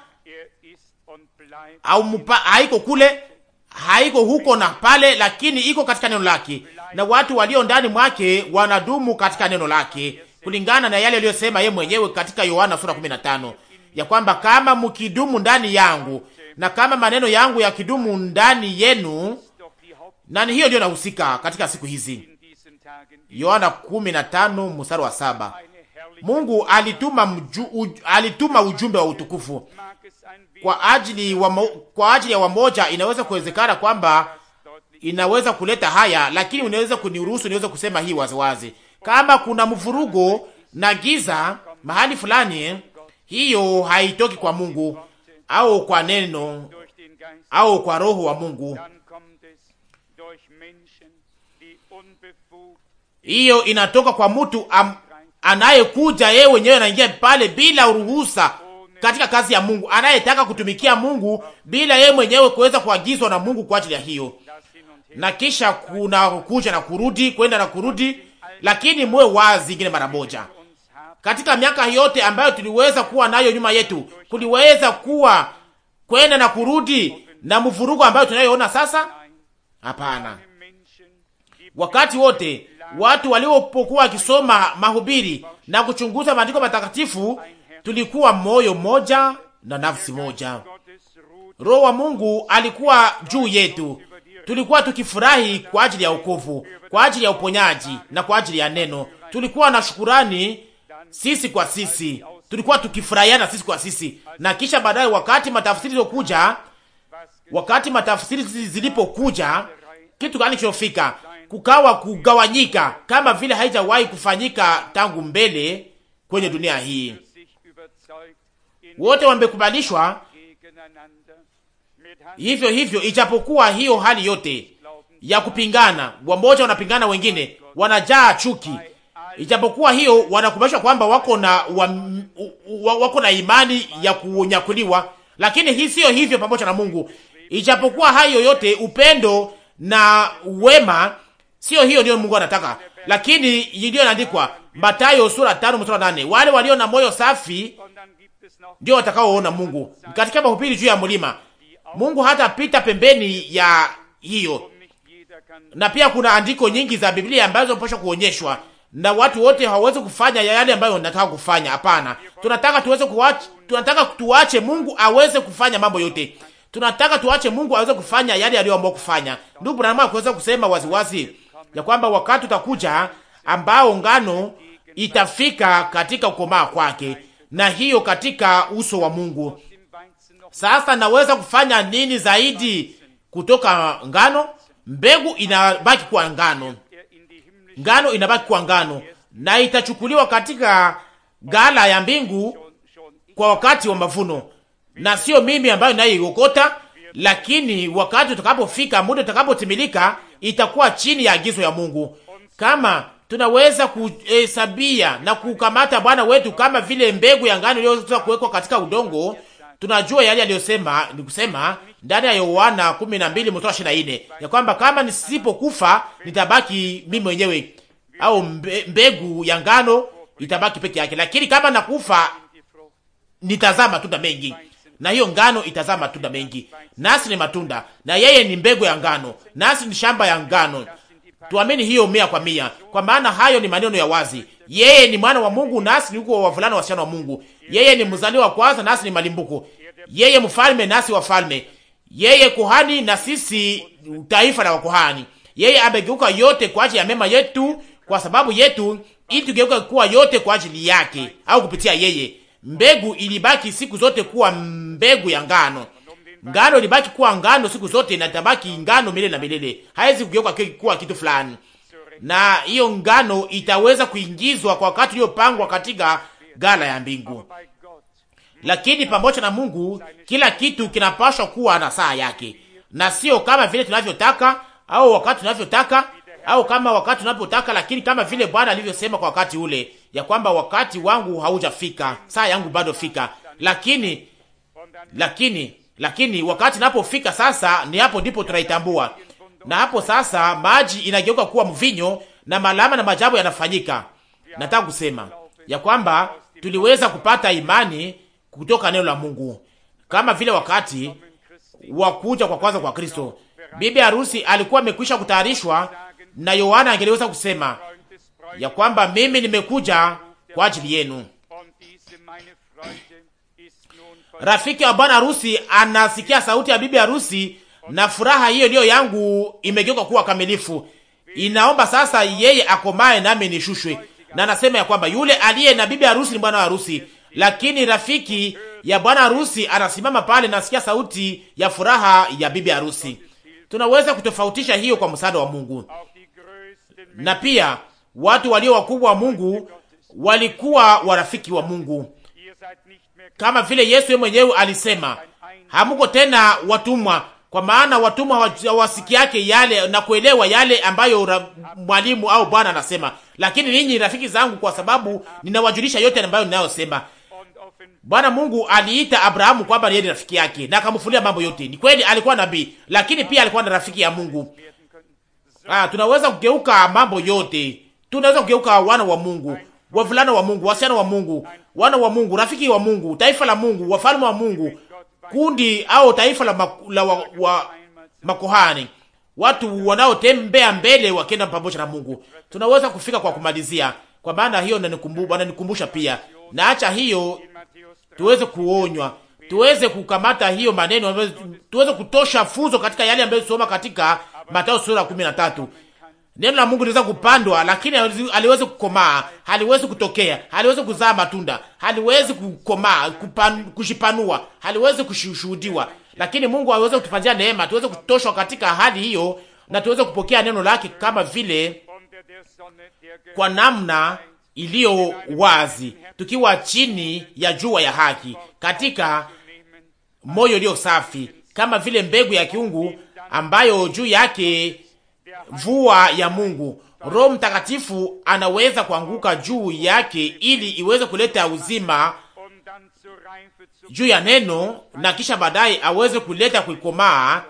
au mpa, haiko kule, haiko huko na pale, lakini iko katika neno lake, na watu walio ndani mwake wanadumu katika neno lake, kulingana na yale aliyosema yeye mwenyewe katika Yohana sura 15 ya kwamba kama mkidumu ndani yangu na kama maneno yangu ya kidumu ndani yenu nani hiyo ndio nahusika katika siku hizi. Yohana 15 mstari wa saba. Mungu alituma, mju, uj, alituma ujumbe wa utukufu kwa ajili, wa kwa ajili ya wamoja. Inaweza kuwezekana kwamba inaweza kuleta haya, lakini unaweza kuniruhusu niweze kusema hii waziwazi, kama kuna mvurugo na giza mahali fulani, hiyo haitoki kwa Mungu au kwa neno au kwa roho wa Mungu, hiyo inatoka kwa mtu anayekuja yeye mwenyewe anaingia pale bila uruhusa katika kazi ya Mungu, anayetaka kutumikia Mungu bila yeye mwenyewe kuweza kuagizwa na Mungu kwa ajili ya hiyo, na kisha kuna kuja na kurudi, kwenda na kurudi. Lakini muwe wazi ingine mara moja, katika miaka yote ambayo tuliweza kuwa nayo nyuma yetu, kuliweza kuwa kwenda na kurudi na mvurugo ambayo tunayoona sasa? Hapana, wakati wote watu waliopokuwa wakisoma mahubiri na kuchunguza maandiko matakatifu, tulikuwa moyo moja na nafsi moja. Roho wa Mungu alikuwa juu yetu, tulikuwa tukifurahi kwa ajili ya wokovu, kwa ajili ya uponyaji na kwa ajili ya neno. Tulikuwa na shukurani sisi kwa sisi, tulikuwa tukifurahiana sisi kwa sisi. Na kisha baadaye, wakati matafsiri zilizokuja, wakati matafsiri zilipokuja, kitu gani kilichofika? kukawa kugawanyika kama vile haijawahi kufanyika tangu mbele kwenye dunia hii. Wote wamekubalishwa hivyo hivyo, ijapokuwa hiyo hali yote ya kupingana, wamoja wanapingana, wengine wanajaa chuki. Ijapokuwa hiyo, wanakubalishwa kwamba wako na wako na imani ya kunyakuliwa, lakini hii siyo hivyo pamoja na Mungu. Ijapokuwa hayo yote, upendo na wema Sio hiyo ndiyo Mungu anataka, lakini iliyoandikwa Mathayo sura tano mstari nane wale walio na moyo safi ndio watakaoona Mungu. Katika mahubiri juu ya mlima, Mungu hatapita pembeni ya hiyo, na pia kuna andiko nyingi za Biblia ambazo mpasha kuonyeshwa na watu wote hawawezi kufanya yale ambayo wanataka kufanya. Hapana, tunataka tuweze kuacha, tunataka tuache Mungu aweze kufanya mambo yote. Tunataka tuache Mungu aweze kufanya yale aliyoamua kufanya. Ndugu Branham kuweza kusema waziwazi wazi ya kwamba wakati utakuja ambao ngano itafika katika kukomaa kwake, na hiyo katika uso wa Mungu. Sasa naweza kufanya nini zaidi kutoka ngano? Mbegu inabaki kuwa ngano, ngano inabaki kuwa ngano, na itachukuliwa katika gala ya mbingu kwa wakati wa mavuno, na sio mimi ambayo naiokota, lakini wakati utakapofika, muda utakapotimilika itakuwa chini ya agizo ya Mungu. Kama tunaweza kuhesabia na kukamata Bwana wetu kama vile mbegu ya ngano iliyoweza kuwekwa katika udongo, tunajua yale aliyosema ni kusema ndani ya Yohana 12 mstari wa 24 ya kwamba kama nisipokufa nitabaki mimi mwenyewe au mbe, mbegu ya ngano itabaki peke yake, lakini kama nakufa nitazaa matunda mengi na hiyo ngano itazaa matunda mengi. Nasi ni matunda, na yeye ni mbegu ya ngano, nasi ni shamba ya ngano. Tuamini hiyo mia kwa mia, kwa maana hayo ni maneno ya wazi. Yeye ni mwana wa Mungu, nasi ni uko wavulana wasichana wa Mungu. Yeye ni mzaliwa wa kwanza, nasi ni malimbuko. Yeye mfalme, nasi wafalme. Yeye kuhani, na sisi taifa la wakuhani. Yeye amegeuka yote kwa ajili ya mema yetu, kwa sababu yetu, ili tugeuka kuwa yote kwa ajili yake, au kupitia yeye Mbegu ilibaki siku zote kuwa mbegu ya ngano, ngano ilibaki kuwa ngano siku zote, na tabaki ngano milele na milele, haiwezi kugeuka kuwa kitu fulani. Na hiyo ngano itaweza kuingizwa kwa wakati uliopangwa katika gala ya mbingu. Lakini pamoja na Mungu kila kitu kinapaswa kuwa na saa yake, na sio kama vile tunavyotaka au wakati tunavyotaka au kama wakati tunapotaka, lakini kama vile Bwana alivyosema kwa wakati ule ya kwamba wakati wangu haujafika, saa yangu bado fika, lakini lakini lakini wakati napofika sasa, ni hapo ndipo tunaitambua, na hapo sasa maji inageuka kuwa mvinyo na malama na majabu yanafanyika. Nataka kusema ya kwamba tuliweza kupata imani kutoka neno la Mungu, kama vile wakati wa kuja kwa kwanza kwa Kristo, bibi harusi alikuwa amekwisha kutayarishwa, na Yohana angeliweza kusema ya kwamba mimi nimekuja kwa ajili yenu. Rafiki wa bwana harusi anasikia sauti ya bibi harusi, na furaha hiyo iliyo yangu imegeuka kuwa kamilifu. Inaomba sasa yeye akomae nami nishushwe, na anasema ya kwamba yule aliye na bibi harusi ni bwana harusi, lakini rafiki ya bwana harusi anasimama pale na sauti ya furaha ya bibi harusi. Tunaweza kutofautisha hiyo kwa msaada wa Mungu na pia watu walio wakubwa wa Mungu walikuwa warafiki wa Mungu, kama vile Yesu mwenyewe alisema, hamuko tena watumwa, kwa maana watumwa yake yale na kuelewa yale ambayo mwalimu au bwana anasema, lakini ninyi rafiki zangu, kwa sababu ninawajulisha yote ambayo ninayosema. Bwana Mungu aliita Abrahamu kwamba yeye rafiki yake na akamfunulia mambo yote. Ni kweli alikuwa nabii, lakini pia alikuwa na rafiki ya Mungu. Ah, tunaweza kugeuka mambo yote tunaweza kugeuka wana wa Mungu, wavulana wa Mungu, wasichana wa Mungu, wana wa Mungu, rafiki wa Mungu, taifa la Mungu, wafalme wa Mungu, kundi au taifa la, maku, la wa, wa makuhani, watu wanaotembea mbele wakienda pamoja na Mungu. Tunaweza kufika kwa kumalizia, kwa maana hiyo wananikumbusha pia, naacha hiyo tuweze kuonywa, tuweze kukamata hiyo maneno, tuweze kutosha funzo katika yale ambayo tunasoma katika Mathayo sura 13. Neno la Mungu liweza kupandwa, lakini haliwezi kukomaa, haliwezi kutokea, haliwezi kuzaa matunda, haliwezi kukomaa, kushipanua, haliwezi kushuhudiwa. Lakini Mungu aweze kutufanyia neema, tuweze kutoshwa katika hali hiyo na tuweze kupokea neno lake kama vile kwa namna iliyo wazi, tukiwa chini ya jua ya haki, katika moyo ulio safi, kama vile mbegu ya kiungu ambayo juu yake mvua ya Mungu. Roho Mtakatifu anaweza kuanguka juu yake ili iweze kuleta uzima juu ya neno na kisha baadaye aweze kuleta kuikomaa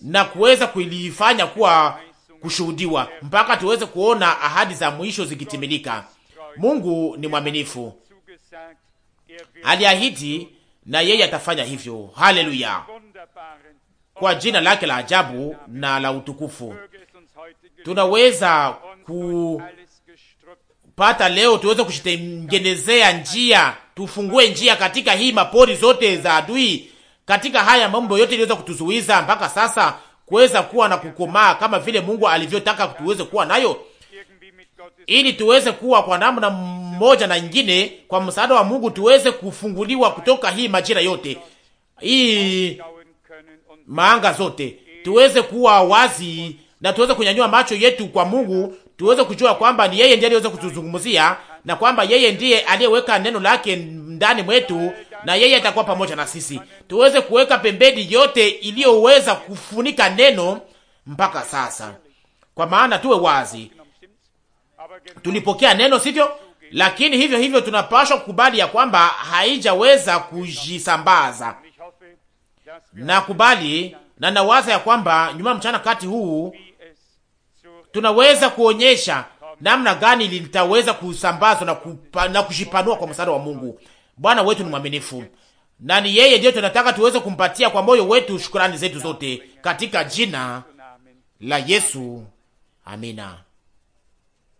na kuweza kuilifanya kuwa kushuhudiwa mpaka tuweze kuona ahadi za mwisho zikitimilika. Mungu ni mwaminifu, aliahidi na yeye atafanya hivyo. Haleluya, kwa jina lake la ajabu na la utukufu tunaweza kupata leo, tuweze kushitengenezea njia, tufungue njia katika hii mapori zote za adui, katika haya mambo yote iliweza kutuzuiza mpaka sasa kuweza kuwa na kukomaa kama vile Mungu alivyotaka tuweze kuwa nayo, ili tuweze kuwa kwa namna moja na nyingine, kwa msaada wa Mungu tuweze kufunguliwa kutoka hii majira yote, hii maanga zote, tuweze kuwa wazi na tuweze kunyanyua macho yetu kwa Mungu, tuweze kujua kwamba ni yeye ndiye aliyeweza kutuzungumzia na kwamba yeye ndiye aliyeweka neno lake ndani mwetu na yeye atakuwa pamoja na sisi. Tuweze kuweka pembeni yote iliyoweza kufunika neno mpaka sasa, kwa maana tuwe wazi, tulipokea neno, sivyo? Lakini hivyo hivyo tunapashwa kukubali ya kwamba haijaweza kujisambaza. Nakubali na nawaza ya kwamba nyuma mchana kati huu tunaweza kuonyesha namna gani litaweza kusambazwa na, na kushipanua kwa msaada wa Mungu. Bwana wetu ni mwaminifu na ni yeye ndiyo tunataka tuweze kumpatia kwa moyo wetu shukrani zetu zote katika jina la Yesu, amina.